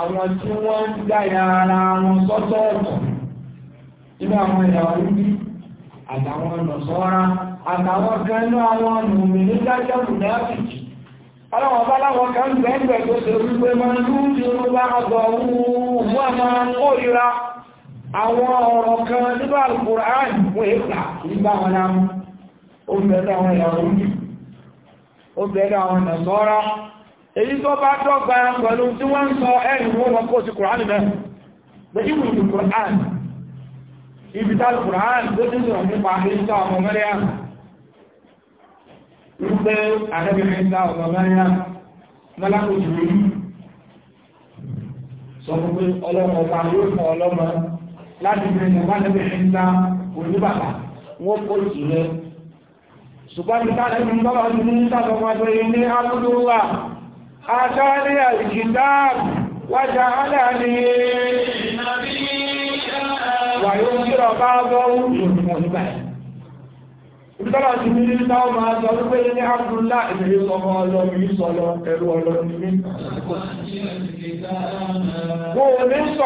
àwọn tí wọ́n ń dáyà ara wọn sọ́tọ̀ọ̀tọ̀ nínú àwọn ìyàwó ní àtàwọn ọ̀nàṣọ́ra àtàwọn kanú àwọn ọ̀nàmì ní dájọ́rù láàfíjì aláwọ̀ kan gbẹ̀ẹ́gbẹ̀ tó ṣe wípé máa kan èyí tó bá dọ́gba pẹ̀lú tí wọ́n ń sọ ẹ̀rìn wọ́n lọ kó sí kùránì náà lè ìwò ìlú kùránì ibi tá kùránì tó ti sọ̀rọ̀ nípa ìsá ọmọ mẹ́rẹ́yà wípé àrẹ́bìnrin ìsá ọmọ mẹ́rẹ́yà mẹ́lákòjì rí sọ fún pé ọlọ́mọ ọba yóò fún ọlọ́mọ láti fi ẹ̀yìn bá lẹ́bẹ̀ ìsá oníbàbà wọ́n kó jù lẹ́ ṣùgbọ́n آتاني الكتاب وجعلني وينكر بعضهم من بعض Ìtọ́lá ti ní ní táwọn máa sọ wípé ní Abdullá ìbìrí sọmọ ọlọ́run ìsọ̀lọ ẹ̀rù ọlọ́run ní. Wọ́n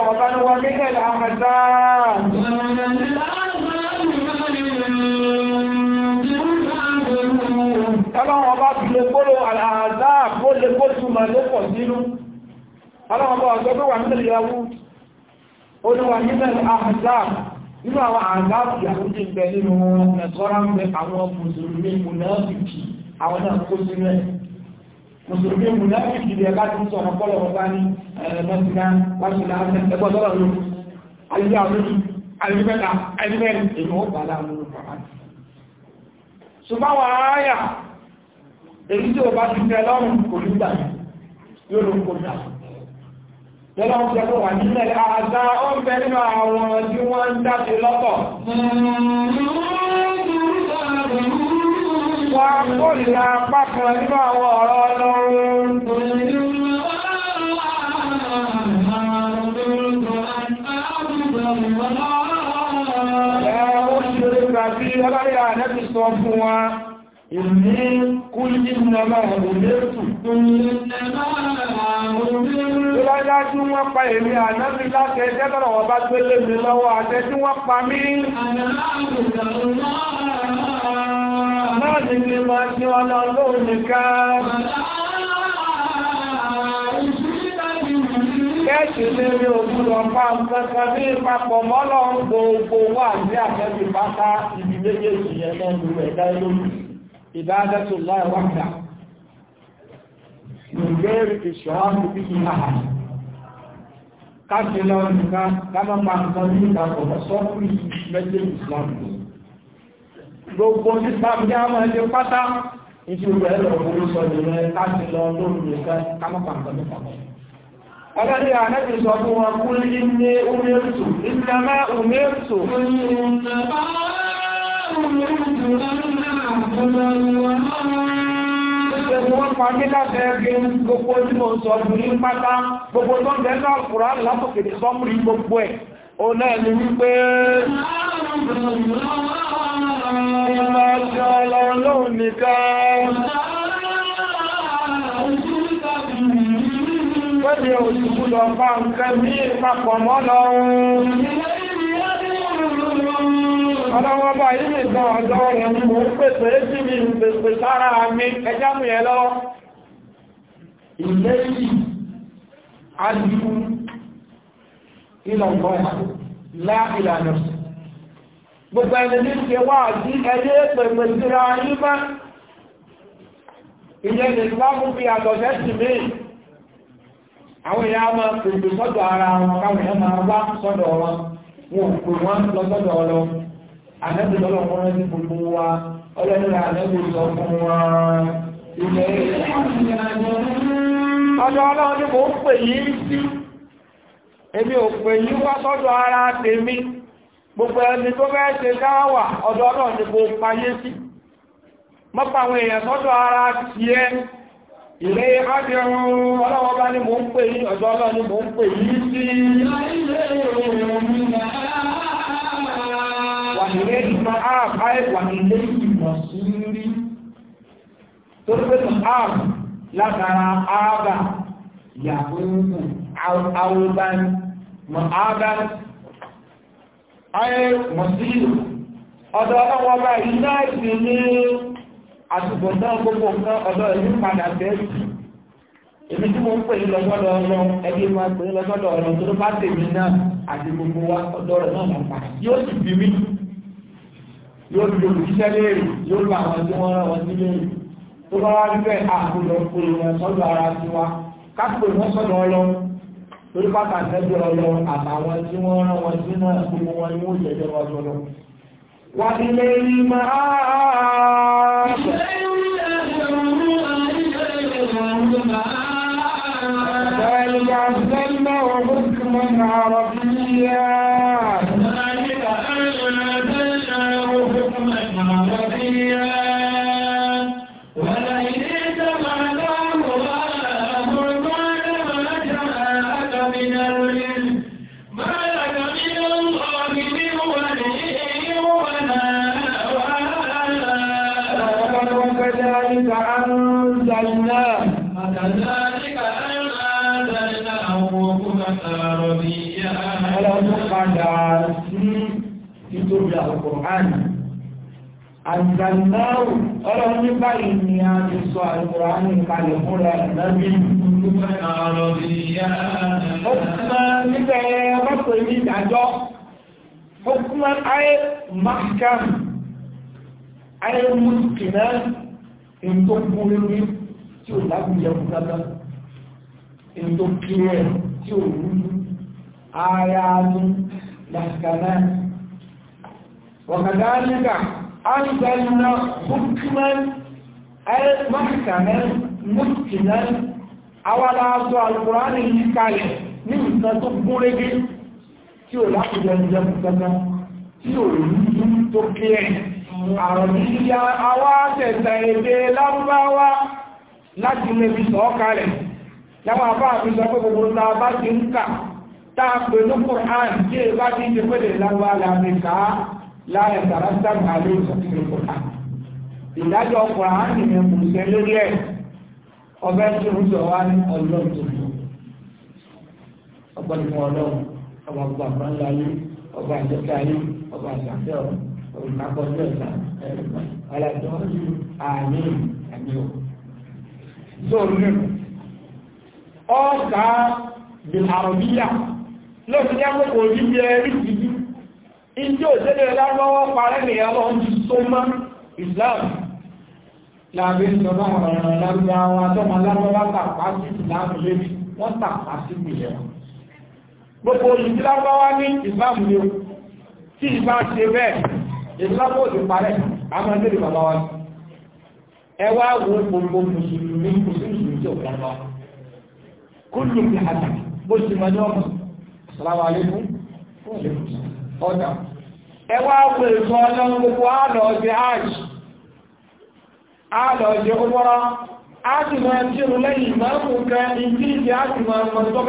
ò ọlọ́run ọba ti lè gbóló àdáà kó lè kó túnmọ̀ ló pọ̀ sínú ọlọ́run ọba ọ̀sọ́ tó wà nílẹ̀ yahoo olúwa nílẹ̀ ahzab nínú àwọn ahzab yahoo ti bẹ nínú ẹ̀kọ́rá ń bẹ àwọn mùsùlùmí mùnáfìkì àwọn náà kó sínú ẹ̀ mùsùlùmí mùnáfìkì rẹ̀ láti sọ̀rọ̀ pọ́lọ̀ ọba ní ẹ̀rẹ̀mẹ́sìnà wáṣìlá ẹgbọ́ sọ́rọ̀ yóò alìyá olójú alìmẹ́ta ẹgbẹ́rin èèyàn ó bàdá lórúkọ èyí tí ó bá ti fẹ́ lọ́rùn kò ní gbà yóò ló ń kó dà lọ́lọ́ ń sọ wà nílẹ̀ àzá ó ń bẹ nínú àwọn tí wọ́n ń dáṣe lọ́pọ̀ wà kó ìlà apá kan nínú àwọn ọ̀rọ̀ ọlọ́run Ẹ̀wọ́n ṣe rí gbàbí ọlọ́rí ànẹ́bì sọ fún wa. Ìní kúlí nàmà òmìnirítù. Lọ́lá tí wọ́n pa èmi ànábí láti ẹjẹ́ tọ́rọ wọ́n bá tó lé mi lọ́wọ́ àjẹ́ tí wọ́n pa mí. Náà ni mi máa tí wọ́n lọ lóòrùn nìkan. Kẹ́ẹ̀kì lé mi òbúrọ̀ pa nǹkan ní ìpapọ̀ mọ́lọ́ gbogbo wà ní àjẹ́ ìpátá ìdílé عبادة الله وحده من غير إشراك به أحد قتل الناس كما معتمد وتصفي مثل الإسلام gbogbo Islam. bí a máa lè pátá ìtí ìwé ẹ̀rọ òkúrú sọ ìrìnlẹ̀ láti lọ lórí ìfẹ́ kámọ́pàá nípa ọlọ́dí ànẹ́bì sọ fún wọn kú ní ní umérùtù ìjọba umérùtù Wọ́n pa mí láti ẹgbẹ́ gbogbo tí mo sọ jù ní pátá, gbogbo tó ń bẹ náà kùrá látòkèdè sọ́mùrí gbogbo ẹ̀. Ó náà ni wípé ìmọ̀ ọjọ́ ọlọ́run nìkan. Wọ́n ni òṣìṣú lọ bá nǹkan ní ìpapọ̀ mọ́ lọ́run. ọlọ́wọ́ bá ilé ìgbọ́n ọ̀dọ́ rẹ̀ ni mò ń pèsè sí mi ń pèsè sára mi ẹjá mú yẹ lọ́wọ́ ilé adìkú ìlọ̀gbọ́ ẹ̀ láìlànà gbogbo ẹni ní ṣe wá àti ẹni pẹ̀pẹ̀ síra yìí fi àtọ̀ṣẹ́ sí mi àwọn máa pèsè sọ́dọ̀ ara wọn káwọn máa wá sọ́dọ̀ wọn wọn kò wọ́n lọ sọ́dọ̀ ọlọ́wọ́ ànábì lọ́lọ́ wọn rántí gbogbo wa ọlọ́run ànábì sọ fún wa ilẹ̀ ọjọ́ ọlọ́run ni mò ń pè yín sí èmi ò pè yín wá sọ́dọ̀ ara tèmi gbogbo ẹni tó fẹ́ ṣe dáwà ọlọ́run payé sí àwọn èèyàn sọ́dọ̀ ara ilé bá ní mò ń pè ọlọ́run mò ń pè sí ilé ìròyìn òmìnira mahab àìwà ilé ìmọ̀ sí rí torí pé mahab látara ààbà yàgbóhùn àwòbán mahaban ayé ọ̀dọ̀ ọlọ́wọ́ bá iná ìsìn ní àtùbọ̀tán gbogbo nǹkan ọ̀dọ̀ ìlú padà bẹ́ẹ̀sì èmi tí mo ń pè ní lọ́sọ́dọ̀ ọlọ́ pè ní tó bá tèmi náà àti gbogbo yóò lu olùṣiṣẹ́ léèrè yóò lu àwọn tí wọ́n rán wọn sí léèrè tó bá wá níbẹ̀ àkójọ pé wọn sọ́dọ̀ ara sí wa kápò wọn sọ́dọ̀ ọlọ torí pàtàkì ẹgbẹ́ ọlọ àtàwọn tí wọ́n rán wọn sí náà gbogbo wọn ni wọ́n jẹ́jẹ́ wọn sọ́dọ̀. wà á ilé rí máa. ذلك عزلنا وحكما عربيا ìjà Al-Kùránì àjàndáwò ọ̀rọ̀ ní báyìí ni a ti sọ Al-Kùránì kalẹ̀ fúnra lẹ́bí Hukuman ayé mahkam ayé múlùkìnà ètò múlùmí tí ó lágbìyà múlùmí ètò kíẹ̀ tí ó rúrú ara mú mahkam náà وكذلك أنزلنا حكما أي محكما ممكنا أولا أصوى القرآن الكريم من تطبره tí ò lápùjọ ìjọ ìjọba tí ò rújú tó kíẹ̀ àrọ̀díyà awá tẹ̀sà èdè lábúbáwá láti lè fi sọ ọ́kàrẹ̀ láwọn àbá àfihàn pé gbogbo ta bá ti ń kà táà pẹ̀lú kùrán tí èbá ti ṣe pẹ̀lẹ̀ lábúbá lábẹ́ kàá láàrin sàrásàm àlè ìsọ̀tìmí kòtà ìdájọ́ ọkùnrin àánì mi kò ṣe lórí ẹ̀ ọbẹ̀ tí ó sọ wá ní ọlọ́run tó lò ọgbọ́n ìmọ̀ ọlọ́run ọba ọba àgbà ńlá yìí ọba àjọta yìí ọba àjàfẹ́ ọ̀rọ̀ olùkàkọ́jọ́ ìta alájọ àmì àmì ò sóòrùn nínú ọ̀ọ́ká bìlàrọ̀bíyà lọ́sí ní àkókò orí bí ẹ ìjọ òjẹ́lẹ̀ lárọ́wọ́ parẹ́ ní ọlọ́run ti tó mọ́ Islam láàbí ìjọba ọ̀rọ̀ lábẹ́ àwọn atọ́mọ lárọ́wọ́ tàpá sí Islam lẹ́bi wọ́n tàpá sí ìpìlẹ̀ wọn gbogbo olùdí Islam Islam wo gbogbo mùsùlùmí mùsùlùmí tí ò lọ kúlù bó ní ọ̀nà ẹwà pè fún ọlọ́run gbogbo àlọ́ọ̀dẹ́ àjì àlọ́ọ̀dẹ́ ọgbọ́rọ́ àti máa lẹ́yìn ìmáàmù kan ìdí ìdí àti máa mọ̀ tó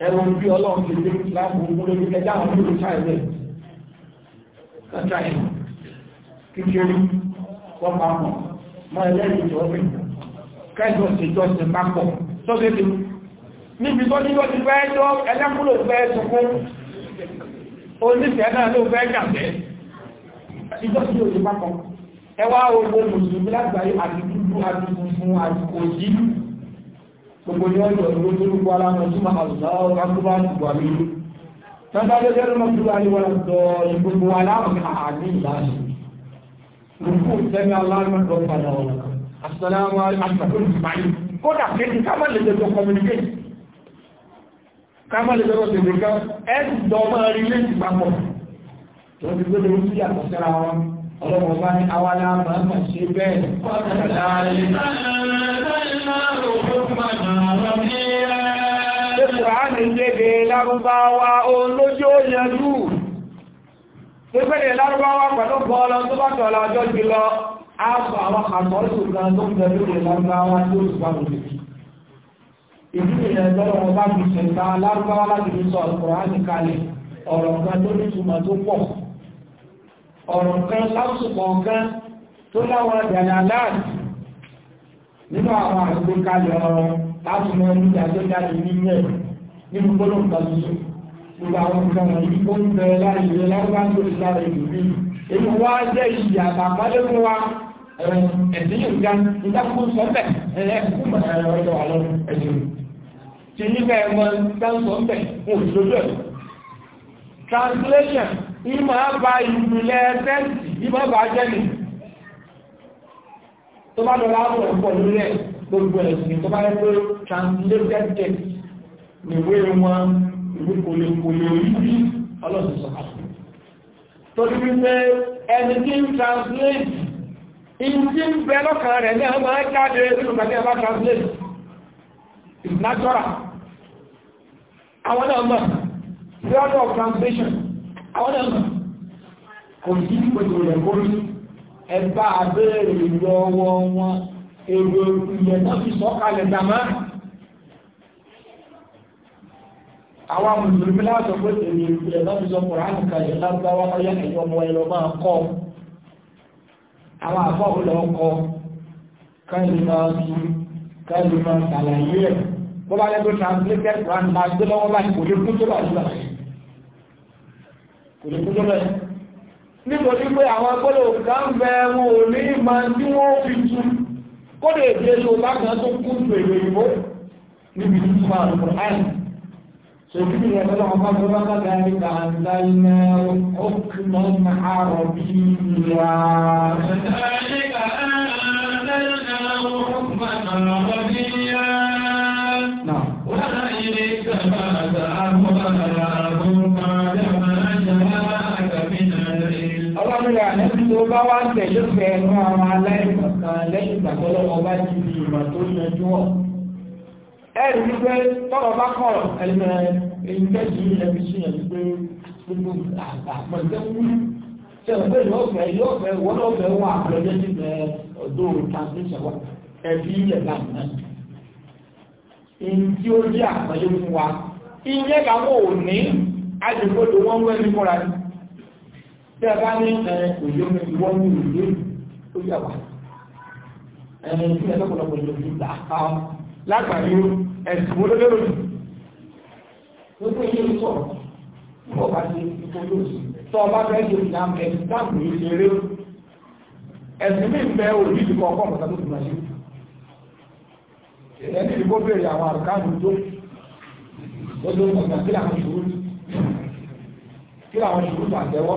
fẹ́ bí ọlọ́run níbi tó nílò ti fẹ́ tó ẹlẹ́kùnlò fẹ́ sunkún onífẹ́ náà ló fẹ́ jàbẹ́ ìjọ́sí òjò pápọ̀ ẹwà ogun mùsùlùmí lágbàáyé àti dúdú àti funfun àti òjì gbogbo ní ọjọ́ ìlú tó rúkọ aláwọ̀ tí máa lọ rákúbá ìgbà mi tọ́ta ló jẹ́ lọ́mọ tó wà ní wọn lọ gbogbo aláwọ̀ àní ìlànà rúkú sẹ́ni aláwọ̀ lọ padà ọ̀rọ̀ Assalamu alaikum kódà kéde ká má lè jẹ́ tó communicate kámọ́lẹ̀ lọ́rọ̀ tèmi kan ẹ̀sì dọ́mọ́ rí léjì papọ̀ tó ti gbé lórí sí àkọsára wọn ọlọ́mọ bá ní awálá máa mà ṣe bẹ́ẹ̀ lárúbáwá olójó yẹlú pípẹ́lẹ̀ lárúbáwá pẹ̀lú bọ́ọ̀lọ́ lárúbáwá tó ń bá ìdí nìyẹn lọ́rọ̀ wọn bá fi ṣẹ̀ta lárúbáwá láti fi sọ Al-Kùránì kalẹ̀ ọ̀rọ̀ kan tó nítumọ̀ tó pọ̀ ọ̀rọ̀ kan lásùpọ̀ kan tó láwọn àjàyà láàrín nínú àwọn àgbékalẹ̀ ọ̀rọ̀ láti mọ ní ìdájọ́jáde nílẹ̀ nínú gbọ́dọ̀ nǹkan tuntun gbogbo àwọn nǹkan wọ̀nyí ó ń bẹ láàrin ìwé lárúbá tó ti lára ìlú mi èyí wá jẹ́ ìyà àbámọ́lé fún wa ẹ̀sìn yìí ga ìdákùn sọ́tẹ̀ ẹ̀ẹ́dẹ́gbùn ọ̀dọ̀ àlọ́ ẹ̀sìn ti nígbà ẹ̀mọ́ dáńsọ̀ ń bẹ̀ òṣìlójú translation ìmọ̀ bá ìpìlẹ̀ tẹ́ǹtì ìmọ̀ bá jẹ́lì tó bá lọ́la àwọn ẹ̀pọ̀ lórí ẹ̀ gbogbo ẹ̀sìn tó bá yẹ pé translated text nìwé wọn ìwé kòlèkòlè orí bí ọlọ́sùn sọ̀kàtà torí wípé ẹni tí ń translate ìdí ń bẹ lọ́kàn rẹ̀ ní àwọn máa jáde nínú kàtí ẹ̀bá translate is natural àwọn náà mọ̀ theatre of translation àwọn náà mọ̀ kò sí pẹ̀lú rẹ̀ kórí ẹ̀bá abẹ́rẹ̀ lọ́wọ́ wọn èrò ìyẹ̀ náà fi sọ́kalẹ̀ dàmá àwọn mùsùlùmí láàtọ̀ pé èrò ìyẹ̀ náà fi sọ kùránì kalẹ̀ lágbáwá ọyá ẹ̀yọ́ ọmọ ẹ̀lọ́ máa kọ́ àwọn àfọ́ òlọ́ kọ́ káyìí máa tú káyìí máa tàlàyé ẹ̀ bó bá lẹ́gbẹ́ translated Quran máa gbé lọ́wọ́ báyìí kò lè kú tó lọ́ọ̀ nígbà kò lè kú tó lọ́ọ̀ nítorí pé àwọn agbọ́dọ̀ òkúta ń bẹ wọn ò ní máa tí wọ́n fi tu kódé èdè ló bá kan tó kú ju èrè ìbò níbi tí wọ́n àlùkò àyè sòkè ní ẹ̀rọ náà wọ́n bá tó bá bàtà ní kàńtà iná ọkùnrin ọmọ àrọ̀ bí ìyá. Ẹ̀ka ẹ̀ka ẹ̀ka ẹ̀ka ọkùnrin ọmọ bí tó bá wá tẹ̀lé fẹ́ ẹnu àwọn aláìmọ̀kan lẹ́yìn ìgbàgbọ́lọ́ ọba ti di ìmọ̀ tó yanjú ọ̀ ẹ̀rí wípé tọ́rọ bá kọ̀ ẹ̀lẹ́ èyí tẹ́jú ẹbí sí ẹ̀rí pé gbogbo àpọ̀jẹ́kú tẹ̀lé lọ́fẹ̀ẹ́ lọ́fẹ̀ẹ́ wọ́n lọ́fẹ̀ẹ́ wọn àpọ̀jẹ́ sí ọdún translation wa ẹbí ilẹ̀ láàmúná ìyí tí ó jẹ́ àpọ̀jẹ́ fún wa ìyẹn làwọn ò ní àjẹgbọ́dọ̀ wọn wẹ́ni mọ́ra ní tí a bá ní ẹ òye omi ìwọ́n ní ìwé tó yà wá ẹ tí ẹ lọ́pọ̀lọpọ̀ ìlú ti là á lágbàáyé ẹ̀sùn wo lọ́lẹ́ lòdì gbogbo ilé ń sọ̀rọ̀ fún ọba ti ìfọ̀ lóṣù tó ọba fẹ́ ṣe ìdá ẹ̀sùn dáàbò ìṣeré ẹ̀sùn mi ń bẹ òbí ìdìkọ̀ ọkọ̀ ọ̀pọ̀ta tó tún ṣe ẹni ìdìbò béèrè àwọn àrùkánù tó lọ́dún ọ̀gbà kí làwọn ìṣòro kí làwọn ìṣòro tó àtẹ́wọ́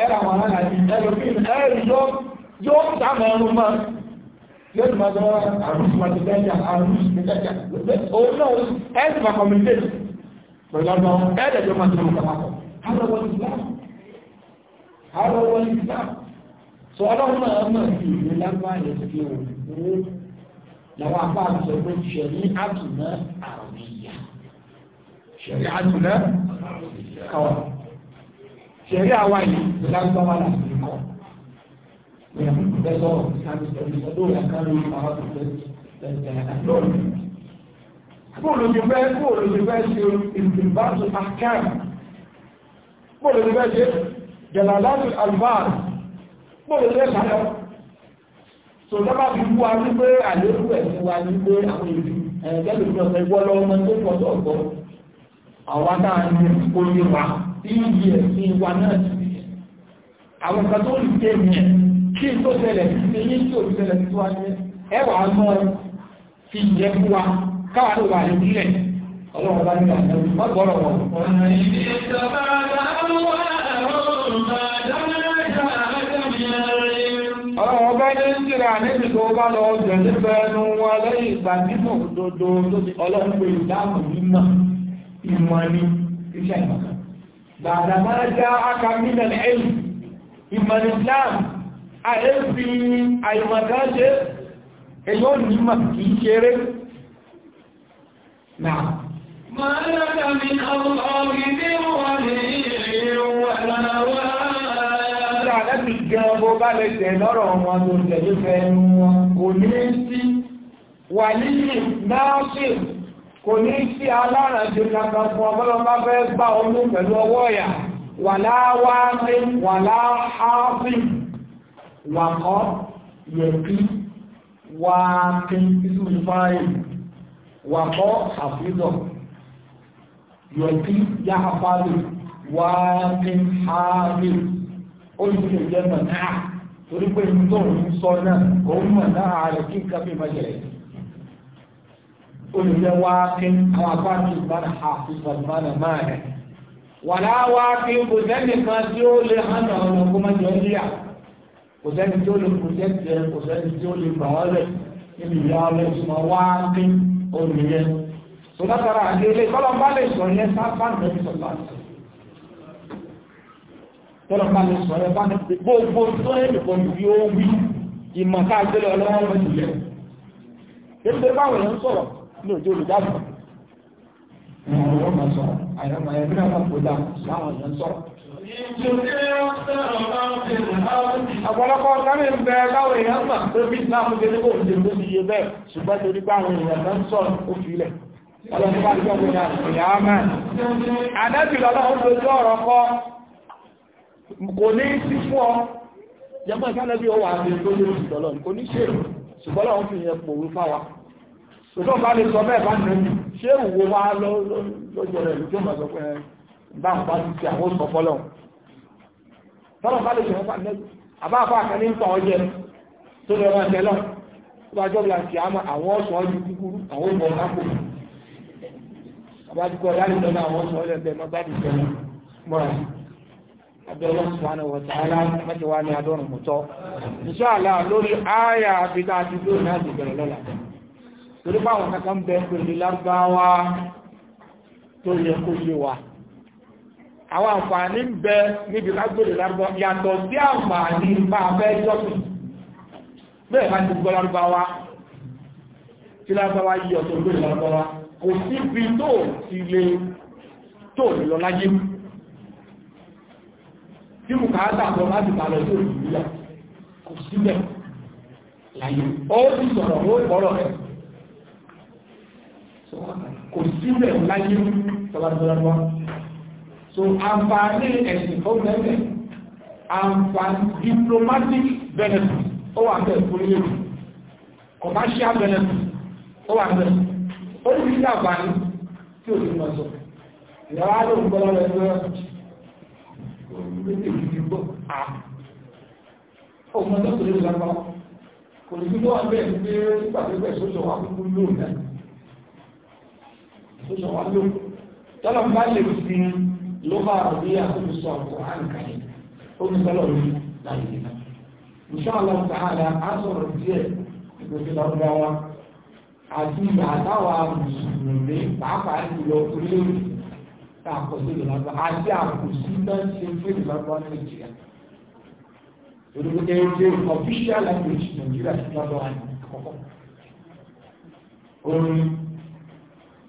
ẹ̀rà wọn lára ní ẹlòmíì ẹ̀rì yóò dámọ̀ ẹnu mọ́ yóò tún máa sọ àrùn máa ti dẹ́jà àrùn ti dẹ́jà òun náà ẹ̀rì máa communicate pẹ̀lú ọmọ ẹ̀rì ẹ̀jọ́ máa tún máa kọ́ àrọ̀wọ̀ Islam àrọ̀wọ̀ Islam sọ ọlọ́run náà mọ̀ sí ìlú lágbáyé sí òun làwọn apá àbùsọ̀ pé ṣẹ̀rí àtùnà àrùn ìyá ṣẹ̀rí àtùnà àrùn ṣẹ̀rí àwa yìí lágbàwà láti kọ́. Ìyàmùsọ̀rọ̀ ìṣàbùsọ̀rọ̀ ìṣàbùsọ̀rọ̀ ìṣàbùsọ̀rọ̀ Bóòlù ti fẹ́ bóòlù ti fẹ́ ṣe ìbáṣe àkẹ́rù. Bóòlù ti fẹ́ ṣe jẹ̀làláàbù albáàrù. Bóòlù ti fẹ́ ṣàlọ́. Sọ̀dọ́bà fi wú wa ní pé àléébù ẹ̀ fún wa ní pé àwọn ìlú ẹ̀ẹ́dẹ́gbẹ̀rún ọ̀sẹ̀ wọ́ lọ́wọ́ mọ́ tó pọ̀ tó ọ̀gbọ́. Àwọn adáhà ní kó yé wa iyì ẹ̀sìn wa náà ti rí àwọn kan tó lè jẹ́ ìyẹn kí n tó tẹ̀lẹ̀ sí ṣe yí tí òbí tẹ̀lẹ̀ sí wáyé ẹwà mọ́ fi jẹ́ fún wa káwà ló wà ní ọlọ́run bá tó bá lọ ọjọ́ nípa ẹnu wọn lẹ́yìn ìgbà nínú òdodo lóbi ọlọ́run ìdáàmù mímọ̀ ìmọ̀ ni iṣẹ́ ìmọ̀ bàdà máa já aka mílẹ̀ ẹ̀lú ìmọ̀lẹ̀ Islam àyẹ́fì àìmọ̀dáṣẹ́ èyí ò ní mà kì ṣeré náà máa mi àwọn ọ̀gbìn ní ìrìn wọ́n lọ́wọ́ wà nílì kò ní sí alárànṣe kankan fún ọgbọ́lọ́gbá fẹ́ gbá ọmọ pẹ̀lú ọwọ́ ẹ̀yà wà láwáàmí wà láàáfí wàkọ́ yẹ̀kí wàákí ìsúnfàáyì wàkọ́ ya yẹ̀kí yáhàfáàlì wàákí ààrí olùkè jẹ́ mọ̀ náà torípé ń sọ náà olùjẹ́ wáákín àwọn àbájú ìbára àfihàn ìbára máa rẹ̀ wà láwáákín kò sẹ́ni kan tí ó lè hàn àwọn ọmọkúnmọ́jọ níyà kò sẹ́ni tí ó lè protect rẹ̀ kò sẹ́ni tí ó lè gbà ọ́ rẹ̀ níbi ìyá rẹ̀ sọ wáákín olùyẹ tó látara àti ilé kọ́lọ́mbà lè sọ yẹn sáfà nìyẹn sọ láti kọ́lọ́mbà lè sọ yẹn bá ní gbogbo tó yẹ nìkan bí ó wí ìmọ̀ káàkiri ọlọ́wọ́ mọ̀ nílẹ̀ ní òjò olùdájọ́ àwọn ọmọ máa sọ àwọn ọmọ ẹgbẹ́ náà máa kódà láwọn èèyàn sọ. ọ̀pọ̀lọpọ̀ ọ̀sánì ń bẹ láwọn èèyàn mà pé bí islam ṣe ní kò ń ṣe ló ti bẹ́ẹ̀ ṣùgbọ́n torí pé àwọn èèyàn náà ń sọ ó fi ilẹ̀ ọlọ́run bá jọ pé ní àṣìyà ámà àdájì lọ́lọ́run lójú ọ̀rọ̀ kọ kò ní sí fún ọ jẹ́mọ́ ìkálẹ́bí ọwọ́ àti ìgbóni òṣìṣọ́lọ́run kò ní ṣe ṣùgbọ́n lọ́run fi yẹn pòrú fáwa tó bá lè sọ bẹ́ẹ̀ bá nà ní ṣé òwò wá lọ́jọ́ rẹ̀ lójú ọmọ sọ pé bá ń bá ti àwọn sọ fọ́lọ́ tọ́lọ̀ bá lè sọ fà nẹ́bí àbáfà kan ní pa ọjẹ́ tó lọ rán tẹ́lọ̀ tó bá jọ́bìlà sí àmọ́ àwọn ọ̀sán ọdún kúkúrú àwọn ìbọn kápò àbájúkọ láti lọ́nà àwọn ọ̀sán ọdún ẹgbẹ́ mọ́ gbádùn tẹ́lọ̀ mọ́ra abẹ́lọ́ sùwánà wọ̀tà aláàmọ́tẹ̀wá ní adọ́rùn-ún tọ́ insha Allah lórí ááyà àbíká àti lórí náà ti bẹ̀rẹ̀ lọ́la torí báwọn kankan bẹ pẹ̀lú lárúbáwá tó yẹ kó yé wa àwọn àǹfààní ń bẹ níbi lágbèrè lárúbá yàtọ̀ sí àǹfààní bá a fẹ́ jọ́sìn bẹ́ẹ̀ bá ti gbọ́ lárúbáwá tí lárúbáwá yí ọ̀tọ̀ gbé lárúbáwá kò síbi tó ti lè tó lè lọ láyé tí mo kàá tàbí láti bàlọ̀ tó lè lọ kò síbẹ̀ láyé ó ti sọ̀rọ̀ ó kọ́rọ̀ rẹ̀ kò síbẹ̀ láyé tọ́lájọ́lọ́wọ́ so àǹfààní ẹ̀sìn ó bẹ̀rẹ̀ àǹfààní diplomatic benefit ó wà bẹ̀rẹ̀ fúnlẹ̀ commercial benefit ó wà bẹ̀rẹ̀ ó ní sí àǹfààní tí ò ní mọ̀ sọ ìyàwó àlọ́ òǹgbọ́lọ́ rẹ̀ lọ Òmọdé kò lè lọ́pàá, kò lè fi lọ́wọ́ bẹ́ẹ̀ ní pé pàtẹ́gbẹ̀ sóṣọ́ wà fún lóòrùn náà tó sọ wá lóhùn tọ́lọ̀ bá lè fi ló bá rí àkóso ọ̀pọ̀ àǹkàlẹ̀ ó ní sọ́lọ̀ rí láì nínú ìṣọ́lọ̀ tààdà á sọ̀rọ̀ díẹ̀ ìgbésẹ̀ lọ́gbàwá àti àtàwà mùsùlùmí pàápàá jùlọ orílẹ̀-èdè tá a kọ sí ìlànà àti àkùsí náà ṣe ń fún ìlànà nàìjíríà olùkọ́ ẹgbẹ́ official language nàìjíríà ti lọ́dọ̀ àkọ́kọ́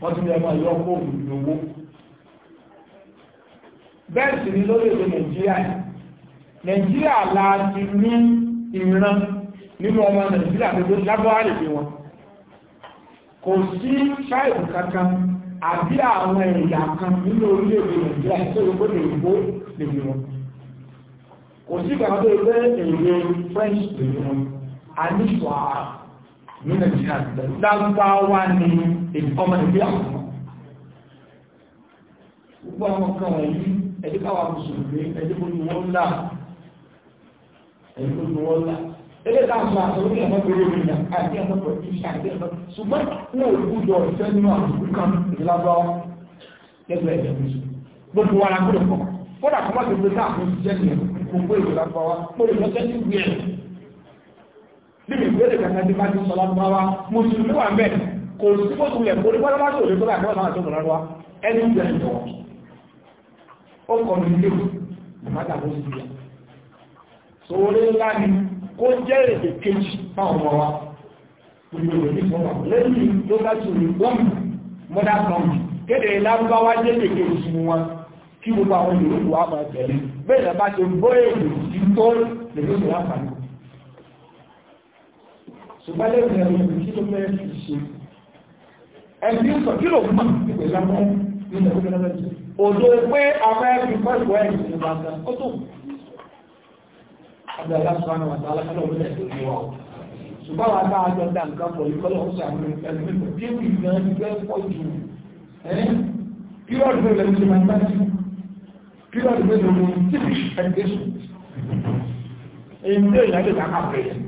wọ́n tún lẹ́mọ̀ yọ kó òmìnir owó bẹ́ẹ̀ sì ni lórílẹ̀-èdè nàìjíríà nàìjíríà la ti ní ìran nínú ọmọ nàìjíríà gbogbo lábọ́wá lè wọn kò sí ṣáìbù kankan àbí àwọn ẹ̀yà kan nínú orílẹ̀-èdè nàìjíríà tó yẹ kó lè gbó lè wọn kò sí kàkàtó ẹgbẹ́ èrè french lè wọn a ní nínú ìjìnà lágbáwá ni ìfọ́mọ ìgbé àwọn gbogbo àwọn kan wọ̀nyí ẹ̀dí káwà mùsùlùmí ẹ̀dí gbogbo wọn ńlá ẹ̀dí gbogbo wọn ńlá ẹgbẹ́ ká sọ àtọ́rọ́ ní ẹ̀mọ́ pẹ̀lú ìrìnà àti ẹ̀mọ́ pẹ̀lú ìṣẹ́ àti ẹ̀mọ́ ṣùgbọ́n wọn ò gbúdọ̀ ìfẹ́ nínú mùsùlùmí gbogbo wa la gbọ́dọ̀ kọ́ kódà kọ́mọ́tò gbé káàkiri jẹ́ ní gbogbo ìlú lágbáwá mo lè lọ́sẹ́ níbi ni kó jẹ́ èdè kejì fáwọn ọmọ wa gbogbo ìwé ní fún lẹ́yìn tó bá ti rí gbọ́mù mọ́dá kan kéde lárúbáwá jẹ́ èdè kejì wọn kí gbogbo àwọn ìlú wa máa tẹ̀lé bẹ́ẹ̀ ṣùgbọ́n lẹ́yìn ẹ̀rọ ìlú kí ló fẹ́ fi ṣe ẹbí sọ kí ló mọ̀ ìpè lámọ́ nínú ẹgbẹ́ náà lẹ́yìn òdo pé afẹ́ fi pẹ́lú ẹ̀ ìlú bá ga ó tó abẹ́ aláṣọ́nà wà tá aláṣọ́nà òun lẹ́yìn òun wà ṣùgbọ́n wà tá a jọ dá nǹkan pọ̀ yìí kọ́lọ́ ọ̀sẹ̀ àwọn ẹ̀rọ ìlú kí wù ìgbà ń fẹ́ pọ̀ jù pírọ̀dù mélòó ló ti máa ń bá jù pírọ̀dù mélòó ló ti fi ẹgbẹ́ sùn èyí ń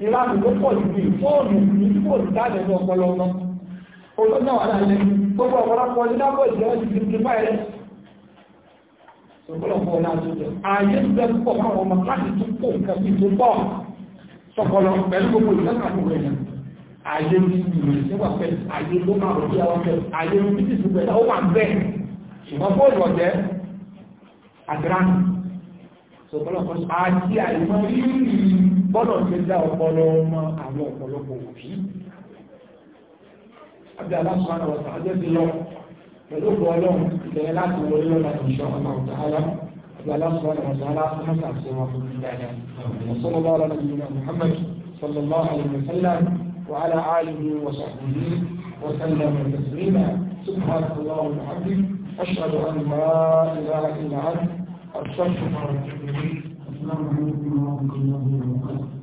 ìlànà tó pọ̀ jù bí fóònù ní fóònù jáde ní ọpọlọ ọmọ owó náà wà láyé gbogbo ọ̀pọ̀lọpọ̀ ní lábọ̀ ìjọ ti fi ti báyìí rẹ̀ ọ̀pọ̀lọpọ̀ náà tó jẹ ààyè ń bẹ púpọ̀ máa wọn láti tún kó nǹkan bí tó pọ̀ sọpọlọ pẹ̀lú gbogbo ìlànàkùn rẹ̀ ààyè ń bí ìrìnsẹ́ wà pẹ̀ ààyè ló máa rọ̀ bí àwọn pẹ̀ ààyè ń bí tìtù pẹ̀ ó wà bẹ́ẹ̀ ṣùgbọ́n fóònù ọ̀jẹ́ àdìrán sọpọlọpọ̀ àti àìmọ̀ rírì bọ́lọ̀ ṣe dá ọpọlọ ọmọ àwọn ọ̀pọ̀lọpọ̀ òbí àbí aláṣọ́nà ọ̀sán ajé ti lọ pẹ̀lú ọlọ́run ìbẹ̀rẹ̀ láti wọlé lọ́la ìṣọ́ ọmọ ọ̀tá ara àbí aláṣọ́nà ọ̀sán aláṣọ́nà àti ọmọ fún mi dáadáa وصلى الله على نبينا محمد صلى الله عليه وسلم وعلى آله وصحبه وسلم تسليما سبحانك اللهم وبحمدك أشهد أن لا إله إلا أنت أستغفرك وأتوب إليك Gracias.